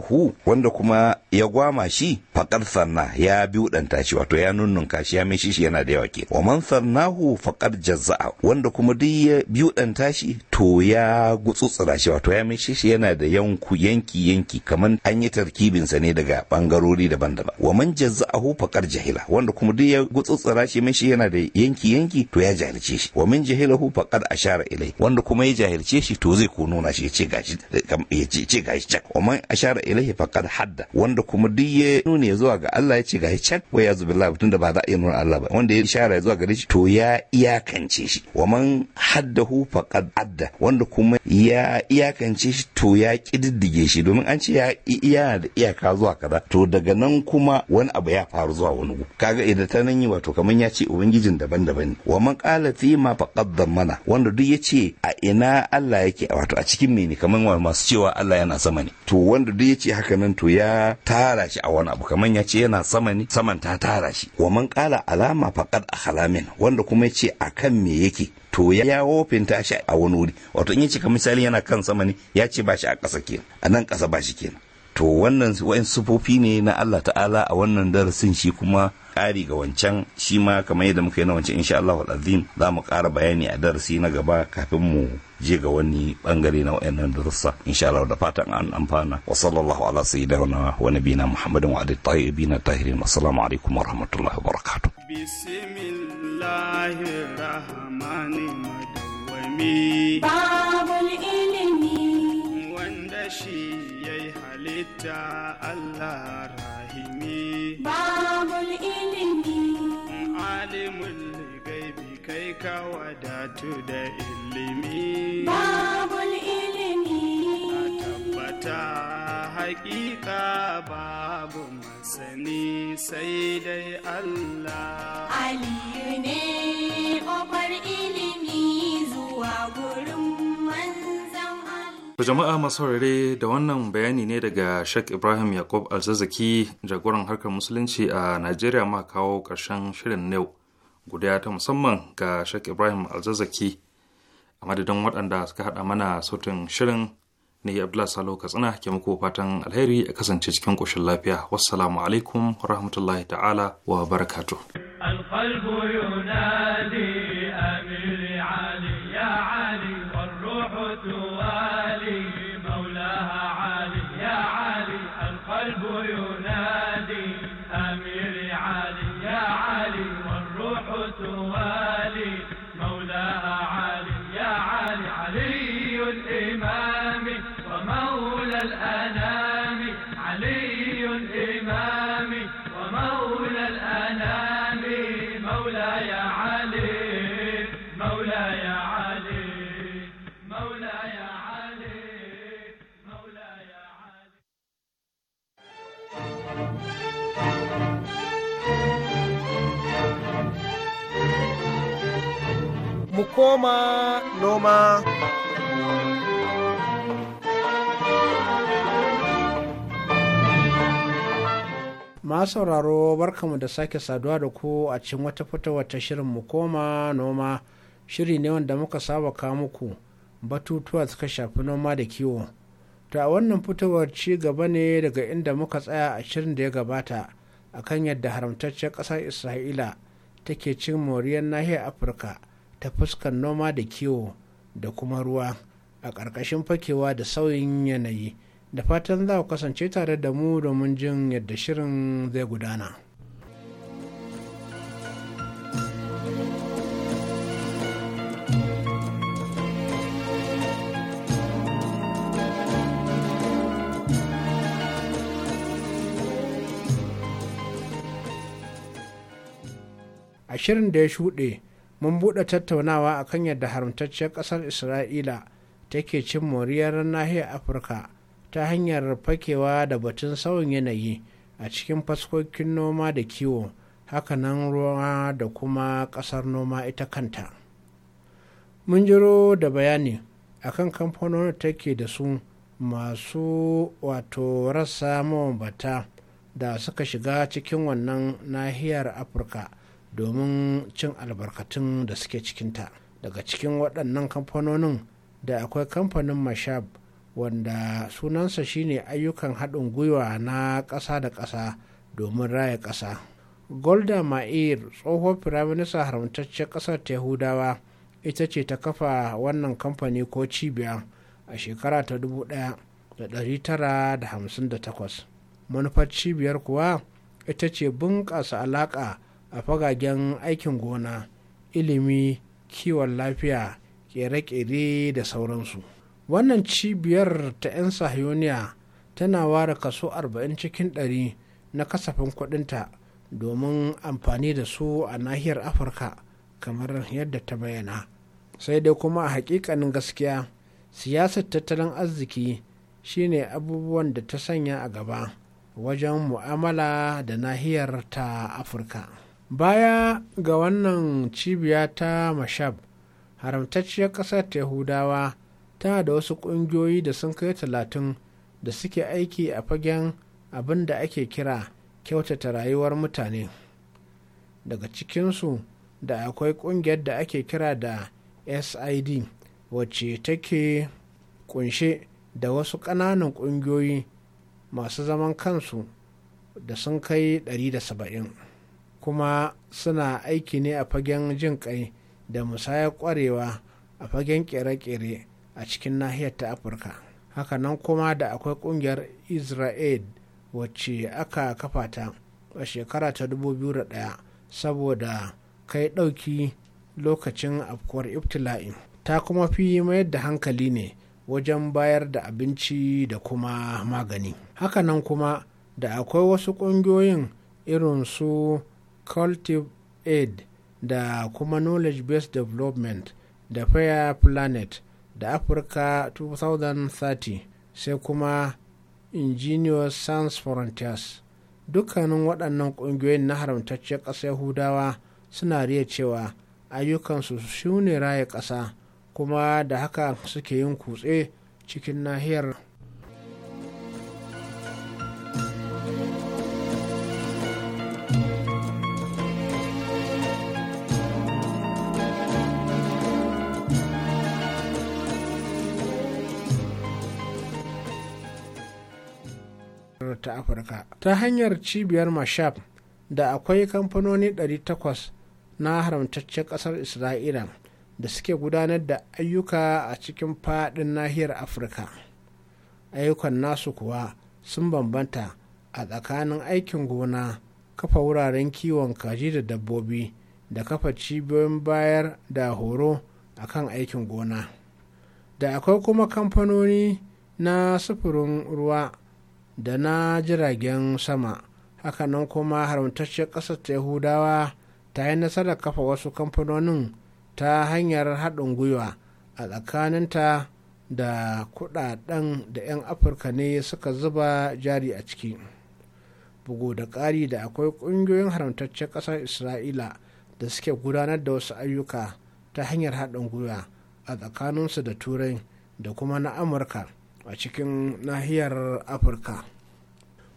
hu? wanda kuma ya gwama shi faqad sanna ya biudanta shi wato ya nunnunka shi ya mai shi yana da yawa ke wa man sannahu faqad jazza'a wanda kuma duk ya biudanta shi to ya gutsutsura shi wato ya mai shi yana da yanku yanki yanki kamar an yi tarkibin sa ne daga bangarori daban-daban wa man jazza'ahu faqad jahila wanda kuma duk ya gutsutsura shi shi yana da yanki yanki to ya jahilce shi wa min jahilahu faqad ashara ilai wanda kuma ya jahilce shi to zai ko nuna shi ya ce gashi ya ce ce gashi can wa man ashara ilaihi faqad hadda wanda kuma duk ya nuna zuwa ga Allah ya ce gashi can wa ya zubillah da ba za a yi nuna Allah ba wanda ya ishara zuwa gare shi to ya iyakance shi wa man haddahu faqad adda wanda kuma ya iyakance shi to ya kididdige shi domin an ce ya iya da iyaka zuwa kaza to daga nan kuma wani abu ya faru zuwa wani kaga idan ta nan yi wato kaman ya ce ubangijin daban-daban ne wa man qala fi ma faqad mana wanda duk ya ce a ina Allah yake wato a cikin mene kaman masu cewa cewa Allah yana sama ne to wanda duk yace haka nan to ya tara shi a wani abu kamar ya ce yana sama ne saman ta tara shi wa man qala alama faqad akhlamin wanda kuma yace akan me yake to ya wofinta shi a wani wuri wato in yace ka misali yana kan sama ne ya ce ba shi a ƙasa kenan a nan ƙasa ba shi kenan to wannan wa'in sufofi ne na Allah ta'ala a wannan darasin shi kuma ƙari ga wancan shi ma kamar yadda muka yi na wancan insha Allah azim za mu ƙara bayani a darasi na gaba kafin mu je ga wani bangare na wayannan darussa insha Allah da fatan an amfana wa sallallahu ala sayyidina wa nabiyina muhammadin wa alihi tayyibin tahirin assalamu alaikum wa rahmatullahi wa barakatuh bismillahir rahmanir babul ilimi wanda shi yayi halitta Allah rahimi babul ilimi ka wadatu da ilimi babul ilimi tabbata hakika babu masani sai dai Allah aliyu ne ƙofar ilimi zuwa gurin jama'a masu da wannan bayani ne daga Sheikh Ibrahim Yakub Alzazaki jagoran harkar musulunci a Najeriya ma kawo ƙarshen shirin yau. guda ta musamman ga Sheikh Ibrahim Alzazzaki a madadin waɗanda suka haɗa mana sautin shirin ne Abdullahi Salo Katsina ke muku fatan alheri a kasance cikin ƙoshin lafiya. Wassalamu alaikum wa rahmatullahi ta'ala wa barakatuh. koma noma. ma sauraro barkamu da sake saduwa da ku a cikin wata fita ta shirin mu koma noma shiri ne wanda muka saba ka muku batutuwa suka shafi noma da kiwo to a wannan fitowar ci gaba ne daga inda muka tsaya a shirin da ya gabata akan yadda haramtaccen ƙasar isra'ila take cin moriyar nahiyar afirka ta fuskar noma da kiwo da kuma ruwa a ƙarƙashin fakewa da sauyin yanayi da fatan za ku kasance tare da mu domin jin yadda shirin zai gudana. a shirin da ya shuɗe mun buɗe tattaunawa a kan yadda haramtacciyar ƙasar isra'ila take cin moriyar nahiyar afirka ta hanyar fakewa da batun sauyin yanayi a cikin faskokin noma da kiwo hakanan ruwa da kuma ƙasar noma ita kanta mun jiro da bayani akan kamfanonin take da su masu wato rasa mabambata da suka shiga cikin wannan nahiyar afirka domin cin albarkatun da suke cikinta daga cikin waɗannan kamfanonin da akwai kamfanin mashab wanda sunansa shine ayyukan haɗin gwiwa na ƙasa da ƙasa domin raya ƙasa golda ma'ir tsohon firaminista haramtaccen ƙasar yahudawa ita ce ta kafa wannan kamfani ko cibiya a shekara ta 1958 manufar cibiyar kuwa ita ce bunƙasa alaƙa a fagagen aikin gona ilimi kiwon lafiya kere-kere da sauransu wannan cibiyar ta 'yan sahiyoniya tana ware kaso 40 cikin 100 na kasafin kudinta domin amfani da su a nahiyar afirka kamar yadda ta bayyana sai dai kuma a hakikanin gaskiya siyasar tattalin arziki shine abubuwan da ta sanya a gaba wajen mu'amala da nahiyar ta afirka baya ga wannan cibiya ta mashab haramtacciyar ƙasar ta yahudawa tana da wasu ƙungiyoyi da sun kai talatin da suke aiki a fagen abin da ake kira kyautata rayuwar mutane daga cikinsu da akwai ƙungiyar da ake kira da sid wacce take kunshe da wasu ƙananan ƙungiyoyi masu zaman kansu da sun kai 170 kuma suna aiki ne a fagen jin kai da musayar kwarewa a fagen kere-kere a cikin nahiyar ta afirka hakanan kuma da akwai kungiyar israel wacce aka kafa ta a shekara ta 2001 saboda kai ɗauki lokacin afkuwar ibtila'i ta kuma fi mayar da hankali ne wajen bayar da abinci da kuma magani hakanan kuma da akwai wasu ƙungiyoyin irin su cultive aid da kuma knowledge based development da fair planet da africa 2030 sai kuma ingenious science frontiers dukkanin waɗannan ƙungiyoyin na haramtacce ƙasa yahudawa suna riya cewa ayyukansu su ne raya ƙasa kuma da haka suke yin kutse cikin nahiyar ta hanyar cibiyar mashab da akwai kamfanoni 800 na haramtaccen ƙasar isra'ila da suke gudanar da ayyuka a cikin faɗin nahiyar afirka ayyukan nasu kuwa sun bambanta a tsakanin aikin gona kafa wuraren kiwon kaji da dabbobi da kafa cibiyoyin bayar da horo a kan aikin gona da akwai kuma kamfanoni na sufurin ruwa da na jiragen sama hakanan kuma haramtacciyar ƙasar ta yahudawa ta yi nasarar kafa wasu kamfanonin ta hanyar haɗin gwiwa a tsakaninta da kudaden da 'yan afirka ne suka zuba jari a ciki bugu da ƙari da akwai ƙungiyoyin haramtaccen ƙasar isra'ila da suke gudanar da wasu ayyuka ta hanyar haɗin gwiwa a tsakaninsu da turai da kuma na amurka a cikin nahiyar afirka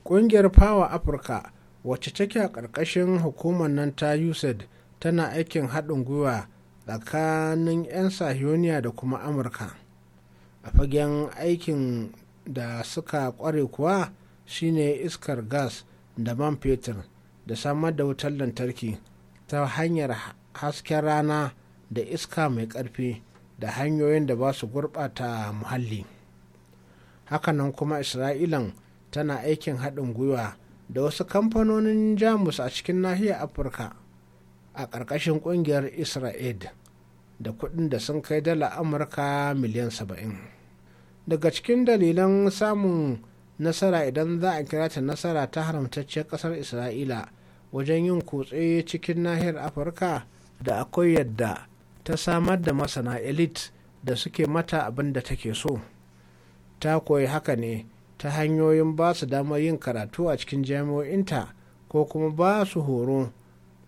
ƙungiyar power africa wacce take a ƙarƙashin hukumar nan ta usaid tana aikin haɗin gwiwa tsakanin 'yan sahiyoniya da kuma amurka a fagen aikin da suka ƙware kuwa shine iskar gas da man fetur da samar da wutar lantarki ta hanyar hasken rana da iska mai ƙarfi da hanyoyin da ba su gurɓata muhalli. hakanan kuma isra'ilan tana aikin haɗin gwiwa da wasu kamfanonin jamus a cikin nahiyar afirka a ƙarƙashin ƙungiyar isra'id da kuɗin da sun kai dala amurka miliyan saba'in daga cikin dalilan samun nasara idan za a kira ta nasara ta haramtacciyar ƙasar isra'ila wajen yin kutse cikin nahiyar afirka da akwai yadda ta samar da masana elite da suke mata abin da take so. ta koyi haka ne ta hanyoyin ba su damar yin karatu a cikin jami'o'inta ko kuma ba su horo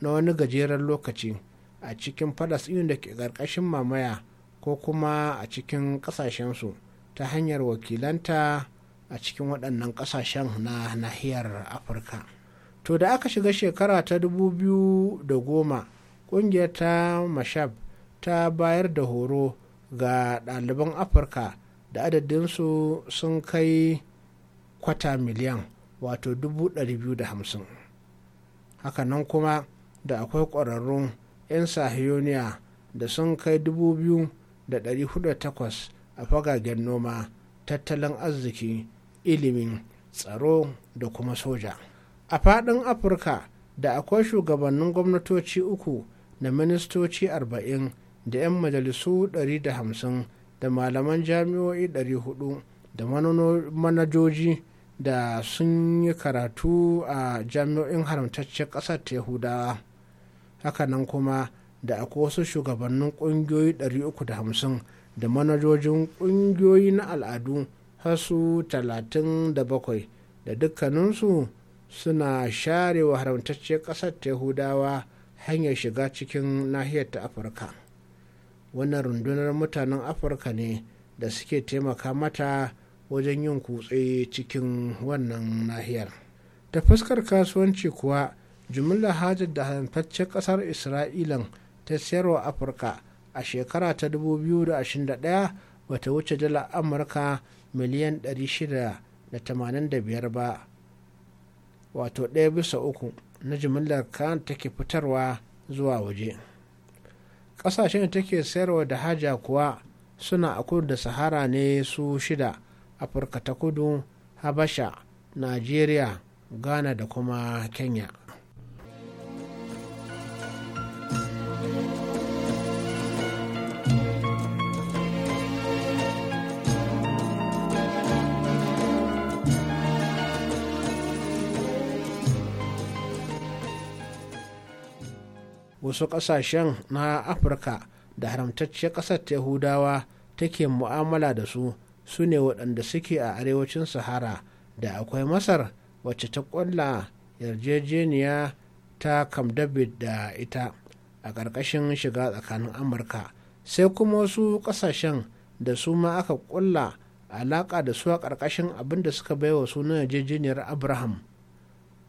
na wani gajeren lokaci a cikin falasɗin da ke ƙarƙashin mamaya ko kuma a cikin ƙasashensu ta hanyar wakilanta a cikin waɗannan ƙasashen na nahiyar afirka to da aka shiga shekara ta dubu biyu da goma ƙungiyar ta mashab ta bayar da horo ga ɗaliban afirka da adadinsu sun kai kwata miliyan wato 250 hakanan kuma da akwai ƙwararrun 'yan sahiyoniya da sun kai dubu biyu da takwas a fagagen noma tattalin arziki ilimin tsaro da kuma soja a faɗin afirka da akwai shugabannin gwamnatoci uku na ministoci arba'in da 'yan majalisu hamsin. da malaman jami'o'i 400 da manajoji da sun yi karatu a jami'o'in haramtaccen ƙasar ta yahudawa hakanan kuma da akwai wasu shugabannin ƙungiyoyi 350 da manajojin ƙungiyoyi na al'adu hasu 37 da dukkaninsu suna sharewa haramtaccen haramtacciyar ƙasar ta yahudawa hanyar shiga cikin nahiyar ta afirka wannan rundunar mutanen afirka ne da suke taimaka mata wajen yin kutse cikin wannan nahiyar ta fuskar kasuwanci kuwa jumla hajjar da hantaccen kasar isra'ilan ta sayarwa afirka a shekara ta 2021 bata wuce dala amurka miliyan 685 ba wato ɗaya bisa uku na jimillar kan take fitarwa zuwa waje. ƙasashen da take sayarwa da haja kuwa suna a kudu da sahara ne su shida afirka ta kudu habasha najeriya ghana da kuma kenya wasu ƙasashen na afirka da haramtacciyar ƙasar ta yahudawa take mu'amala da su su ne waɗanda suke a arewacin sahara da akwai masar wacce ta ƙulla yarjejeniya ta kam david da ita a ƙarƙashin shiga tsakanin amurka sai kuma wasu ƙasashen da su ma aka ƙulla alaƙa da su a ƙarƙashin abin da suka baiwa sunan yarjejeniyar abraham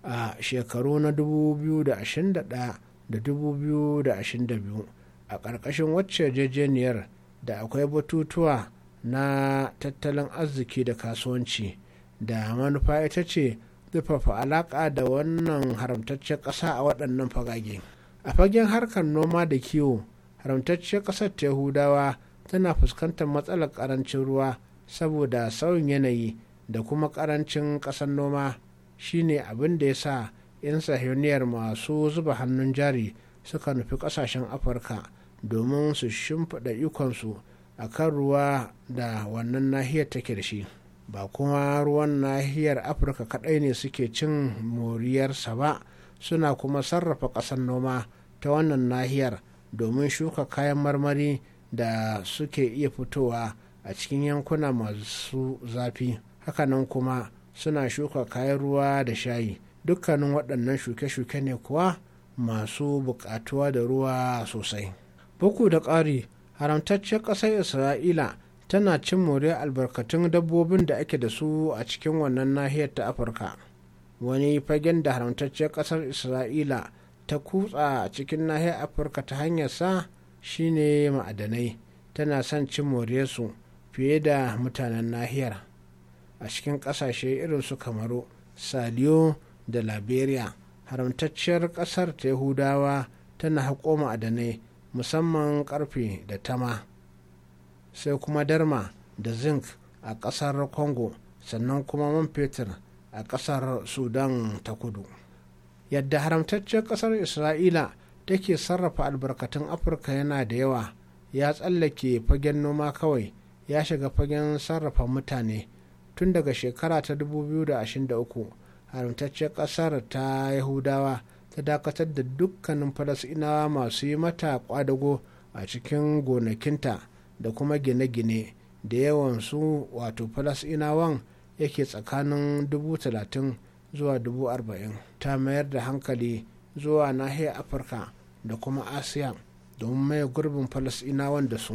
a shekaru na 2021 da 2022 a ƙarƙashin wacce yarjejeniyar da akwai batutuwa na tattalin arziki da kasuwanci da manufa ita ce zufafa alaƙa da wannan haramtaccen ƙasa a waɗannan fagage a fagen harkar noma da kiwo haramtacciyar ƙasar ta yahudawa tana fuskantar matsalar ƙarancin ruwa saboda sauyin yanayi da kuma ƙarancin ƙasar noma shine abin da ya sa 'yan sahiyoniyar masu zuba hannun jari suka nufi kasashen afirka domin su shimfiɗa ikonsu a kan ruwa da wannan nahiyar ta da shi ba kuma ruwan nahiyar afirka kaɗai ne suke cin moriyarsa ba suna kuma sarrafa ƙasar noma ta wannan nahiyar domin shuka kayan marmari da suke iya fitowa a cikin yankuna masu zafi hakanan kuma suna shuka kayan ruwa da shayi dukkanin waɗannan shuke-shuke ne kuwa masu buƙatuwa da ruwa sosai buku da ƙari haramtacciyar ƙasar isra'ila tana cin moriyar albarkatun dabbobin da ake da su a cikin wannan nahiyar ta afirka wani fagen da haramtacciyar ƙasar isra'ila ta kutsa a cikin nahiyar afirka ta hanyar sa shine ma'adanai tana son cin moriyarsu fiye da mutanen nahiyar a cikin ƙasashe irin su kamaru saliyo da liberia haramtacciyar kasar ta yahudawa tana haƙo ma'adanai musamman ƙarfe da tama sai kuma darma da zinc a ƙasar congo sannan kuma man fetur a ƙasar sudan ta kudu yadda haramtacciyar kasar isra'ila take sarrafa albarkatun afirka yana da yawa ya tsallake fagen noma kawai ya shiga fagen sarrafa mutane tun daga shekara ta 2023 haramtaccen ƙasar ta yahudawa ta dakatar da dukkanin falasinawa masu yi mata kwadago a cikin gonakinta da kuma gine-gine da yawan su wato falasinawan yake tsakanin 30,000 zuwa dubu ta mayar da hankali zuwa nahiyar afirka da kuma asiya domin mai gurbin falasinawan da su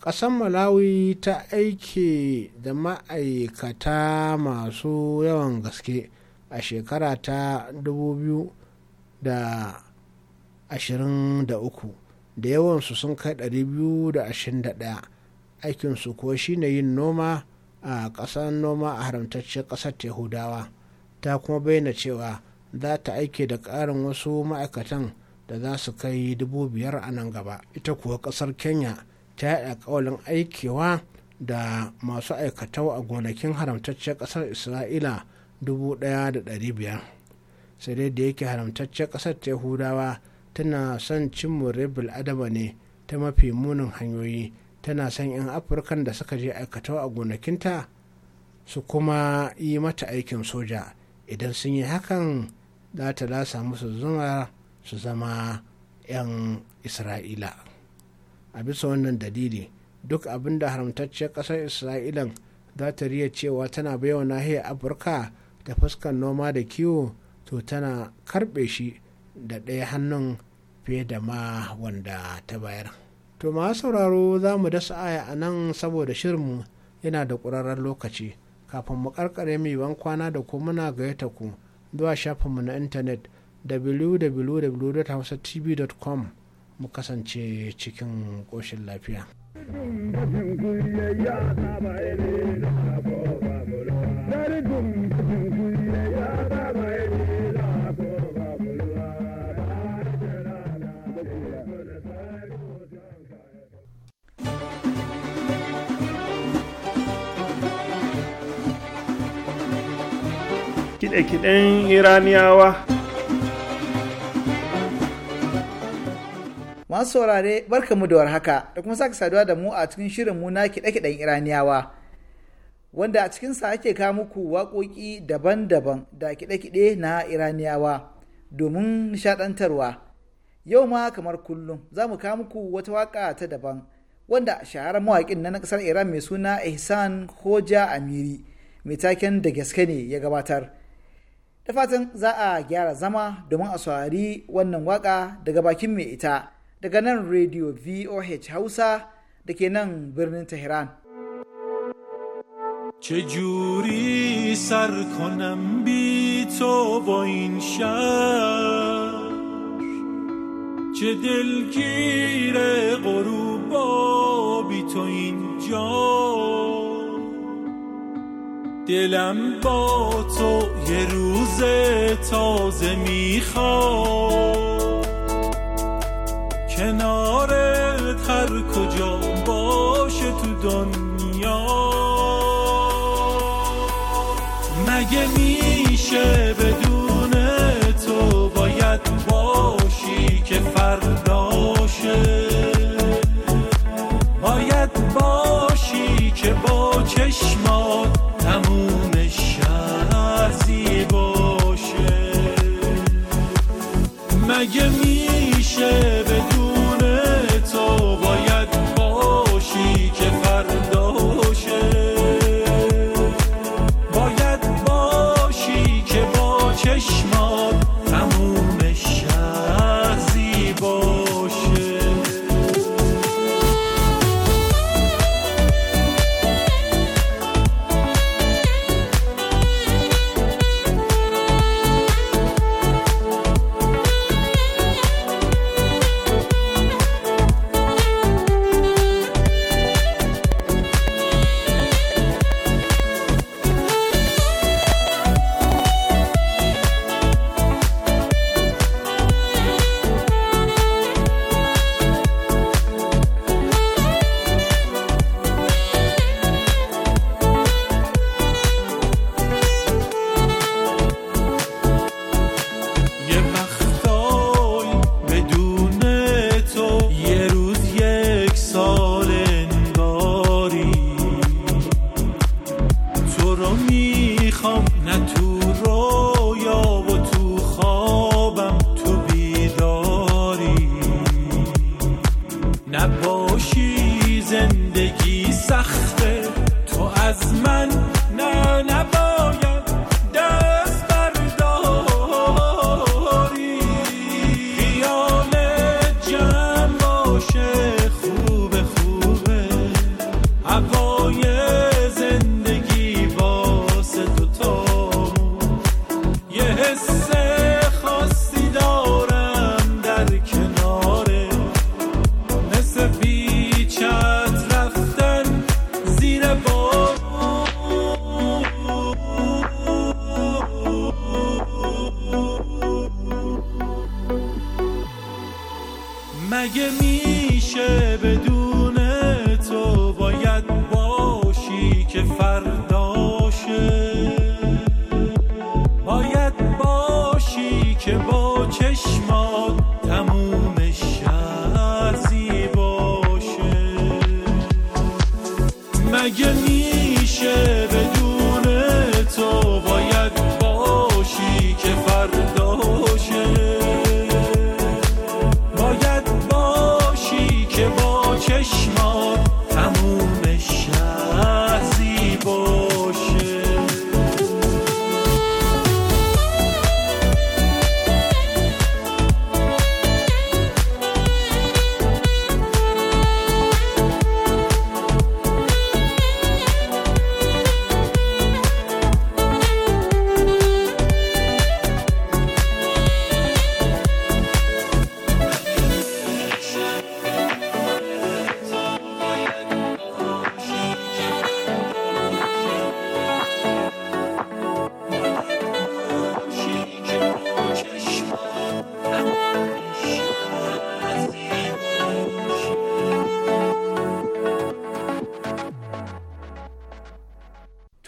ƙasar malawi ta aike da ma'aikata masu yawan gaske a shekara ta 2023 da yawansu sun kai 221 aikinsu kuwa shine yin noma a ƙasar noma a haramtaccen ƙasar Tehudawa. ta kuma bayyana cewa za ta aike da ƙarin wasu ma'aikatan da za su kai dubu biyar a nan gaba ita kuwa ƙasar kenya ta yaɗa ƙawalin aikewa da masu aikatau a gonakin haramtaccen ƙasar isra'ila 1,500 sai dai da yake haramtacce ƙasar ta yahudawa tana son cin rebel adama ne ta mafi munin hanyoyi tana son 'yan afirkan da suka je aikata a gonakinta su kuma yi mata aikin soja idan sun yi hakan za ta lasa musu zuma su zama 'yan isra'ila a bisa wannan dalili duk abin da haramtacce ƙasar isra'ilan za ta riya cewa tana baiwa nahiyar afirka da fuskar noma da kiwo to tana karbe shi da ɗaya hannun fiye da ma wanda ta bayar to ma sauraro za mu dasa aya a nan saboda shirinmu yana da ƙurarren lokaci kafin mu karkare mai ban kwana da ku muna gayyata ku zuwa shafinmu na intanet www.hausatv.com mu kasance cikin ƙoshin lafiya. kiɗe-kiɗen iraniyawa masu saurare barkamu da warhaka da kuma sake saduwa da mu a cikin shirin mu na kiɗe-kiɗen iraniyawa wanda a cikinsa ake kawo muku waƙoƙi daban-daban da kiɗe-kiɗe na iraniyawa domin nishaɗantarwa yau ma kamar kullum za mu kawo muku wata waƙa ta daban wanda shaharar mawaƙin na ƙasar iran mai suna ihsan hoja amiri mai taken da gaske ne ya gabatar da fatan za a gyara zama domin a saurari wannan waka daga bakin mai ita daga nan radio voh hausa da ke nan birnin tehran جوری سر کنم بی تو با این شهر چه دلگیر با بی تو دلم با تو یه روز تازه میخواد کنارت هر کجا باشه تو دنیا مگه میشه بدون تو باید باشی که فرداشه باید باشی که با چشمات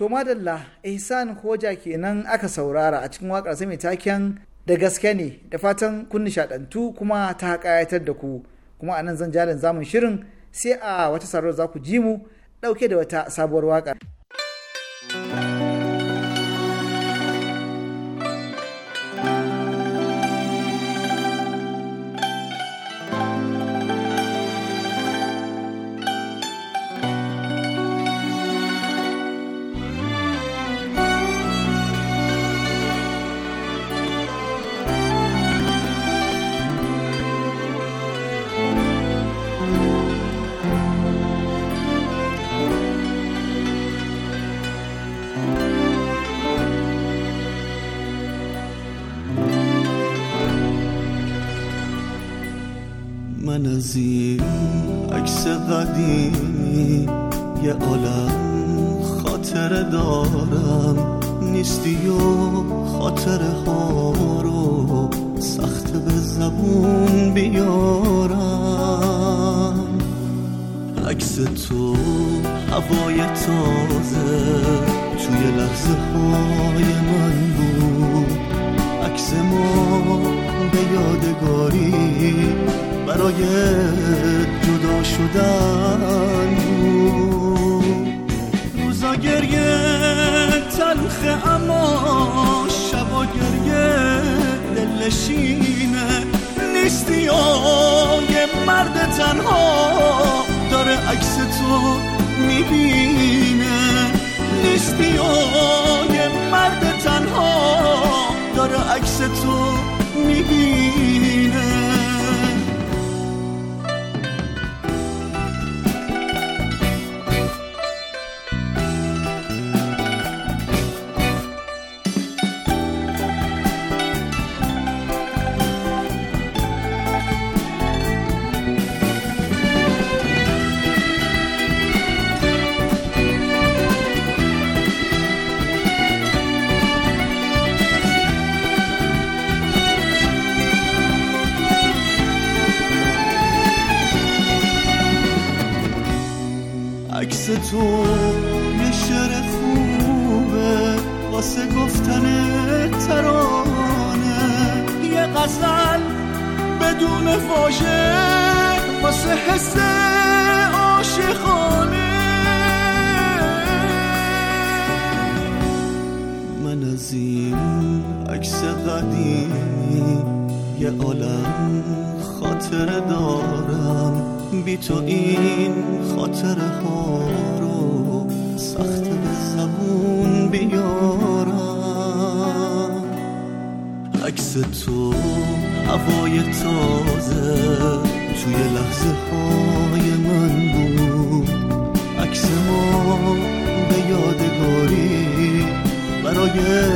to madalla ihsan hoja kenan aka saurara a cikin wakar mai taken da gaske ne da fatan kun nishadantu kuma ta kayatar da ku kuma a nan zan jalin zamun shirin sai a wata sarar za ku ji mu dauke da wata sabuwar wakar. عاشق واسه حس عاشقانه من از این عکس قدیم یه عالم خاطره دارم بی تو این خاطر ها رو سخت به زبون بیان از تو هوای تازه توی لحظه های من بود عکس ما به یادگاری برای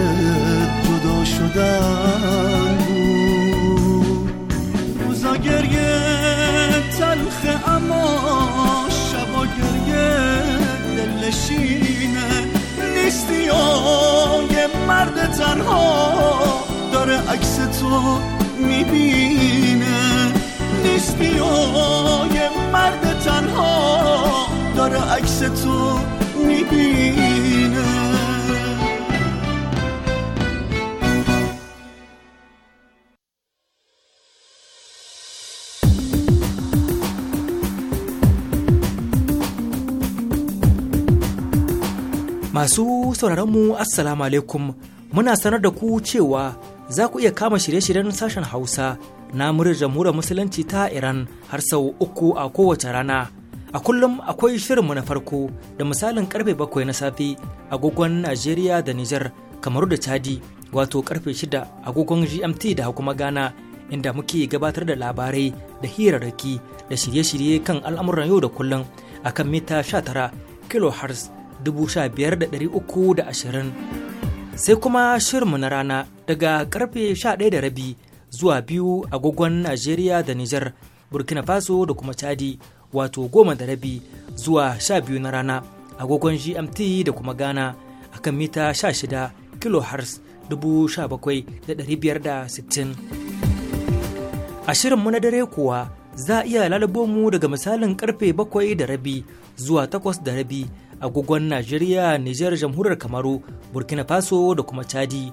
جدا شدن بود روزا تلخ اما شبا گریه دلشینه نیستی مرد تنها داره عکس تو میبینه نیستی یه مرد تنها داره عکس تو میبینه Masu sauraronmu Assalamu alaikum muna sanar da ku cewa za ku iya kama shirye-shiryen sashen Hausa na muryar jamhuriyar Musulunci ta Iran har sau uku a kowace rana. A kullum akwai shirinmu na farko da misalin karfe bakwai na safe agogon Najeriya da Nijar kamaru da Chadi wato karfe shida agogon GMT da kuma Ghana inda muke gabatar da labarai da hirarraki da shirye-shirye kan al'amuran yau da kullum a kan mita sha tara 19 da 15,320 sai kuma shirinmu na rana daga karfe 11:30 zuwa biyu agogon Najeriya da Nijar, Burkina Faso da kuma Chadi wato 10:30 zuwa 12 na rana agogon GMT da kuma Ghana a kan mita 16 kHz 17,560. A shirinmu na dare kuwa za a iya lalabo mu daga misalin karfe bakwai zuwa takwas da rabi agogon Najeriya, Nijar, Jamhuriyar Kamaru, Burkina Faso da kuma Chadi.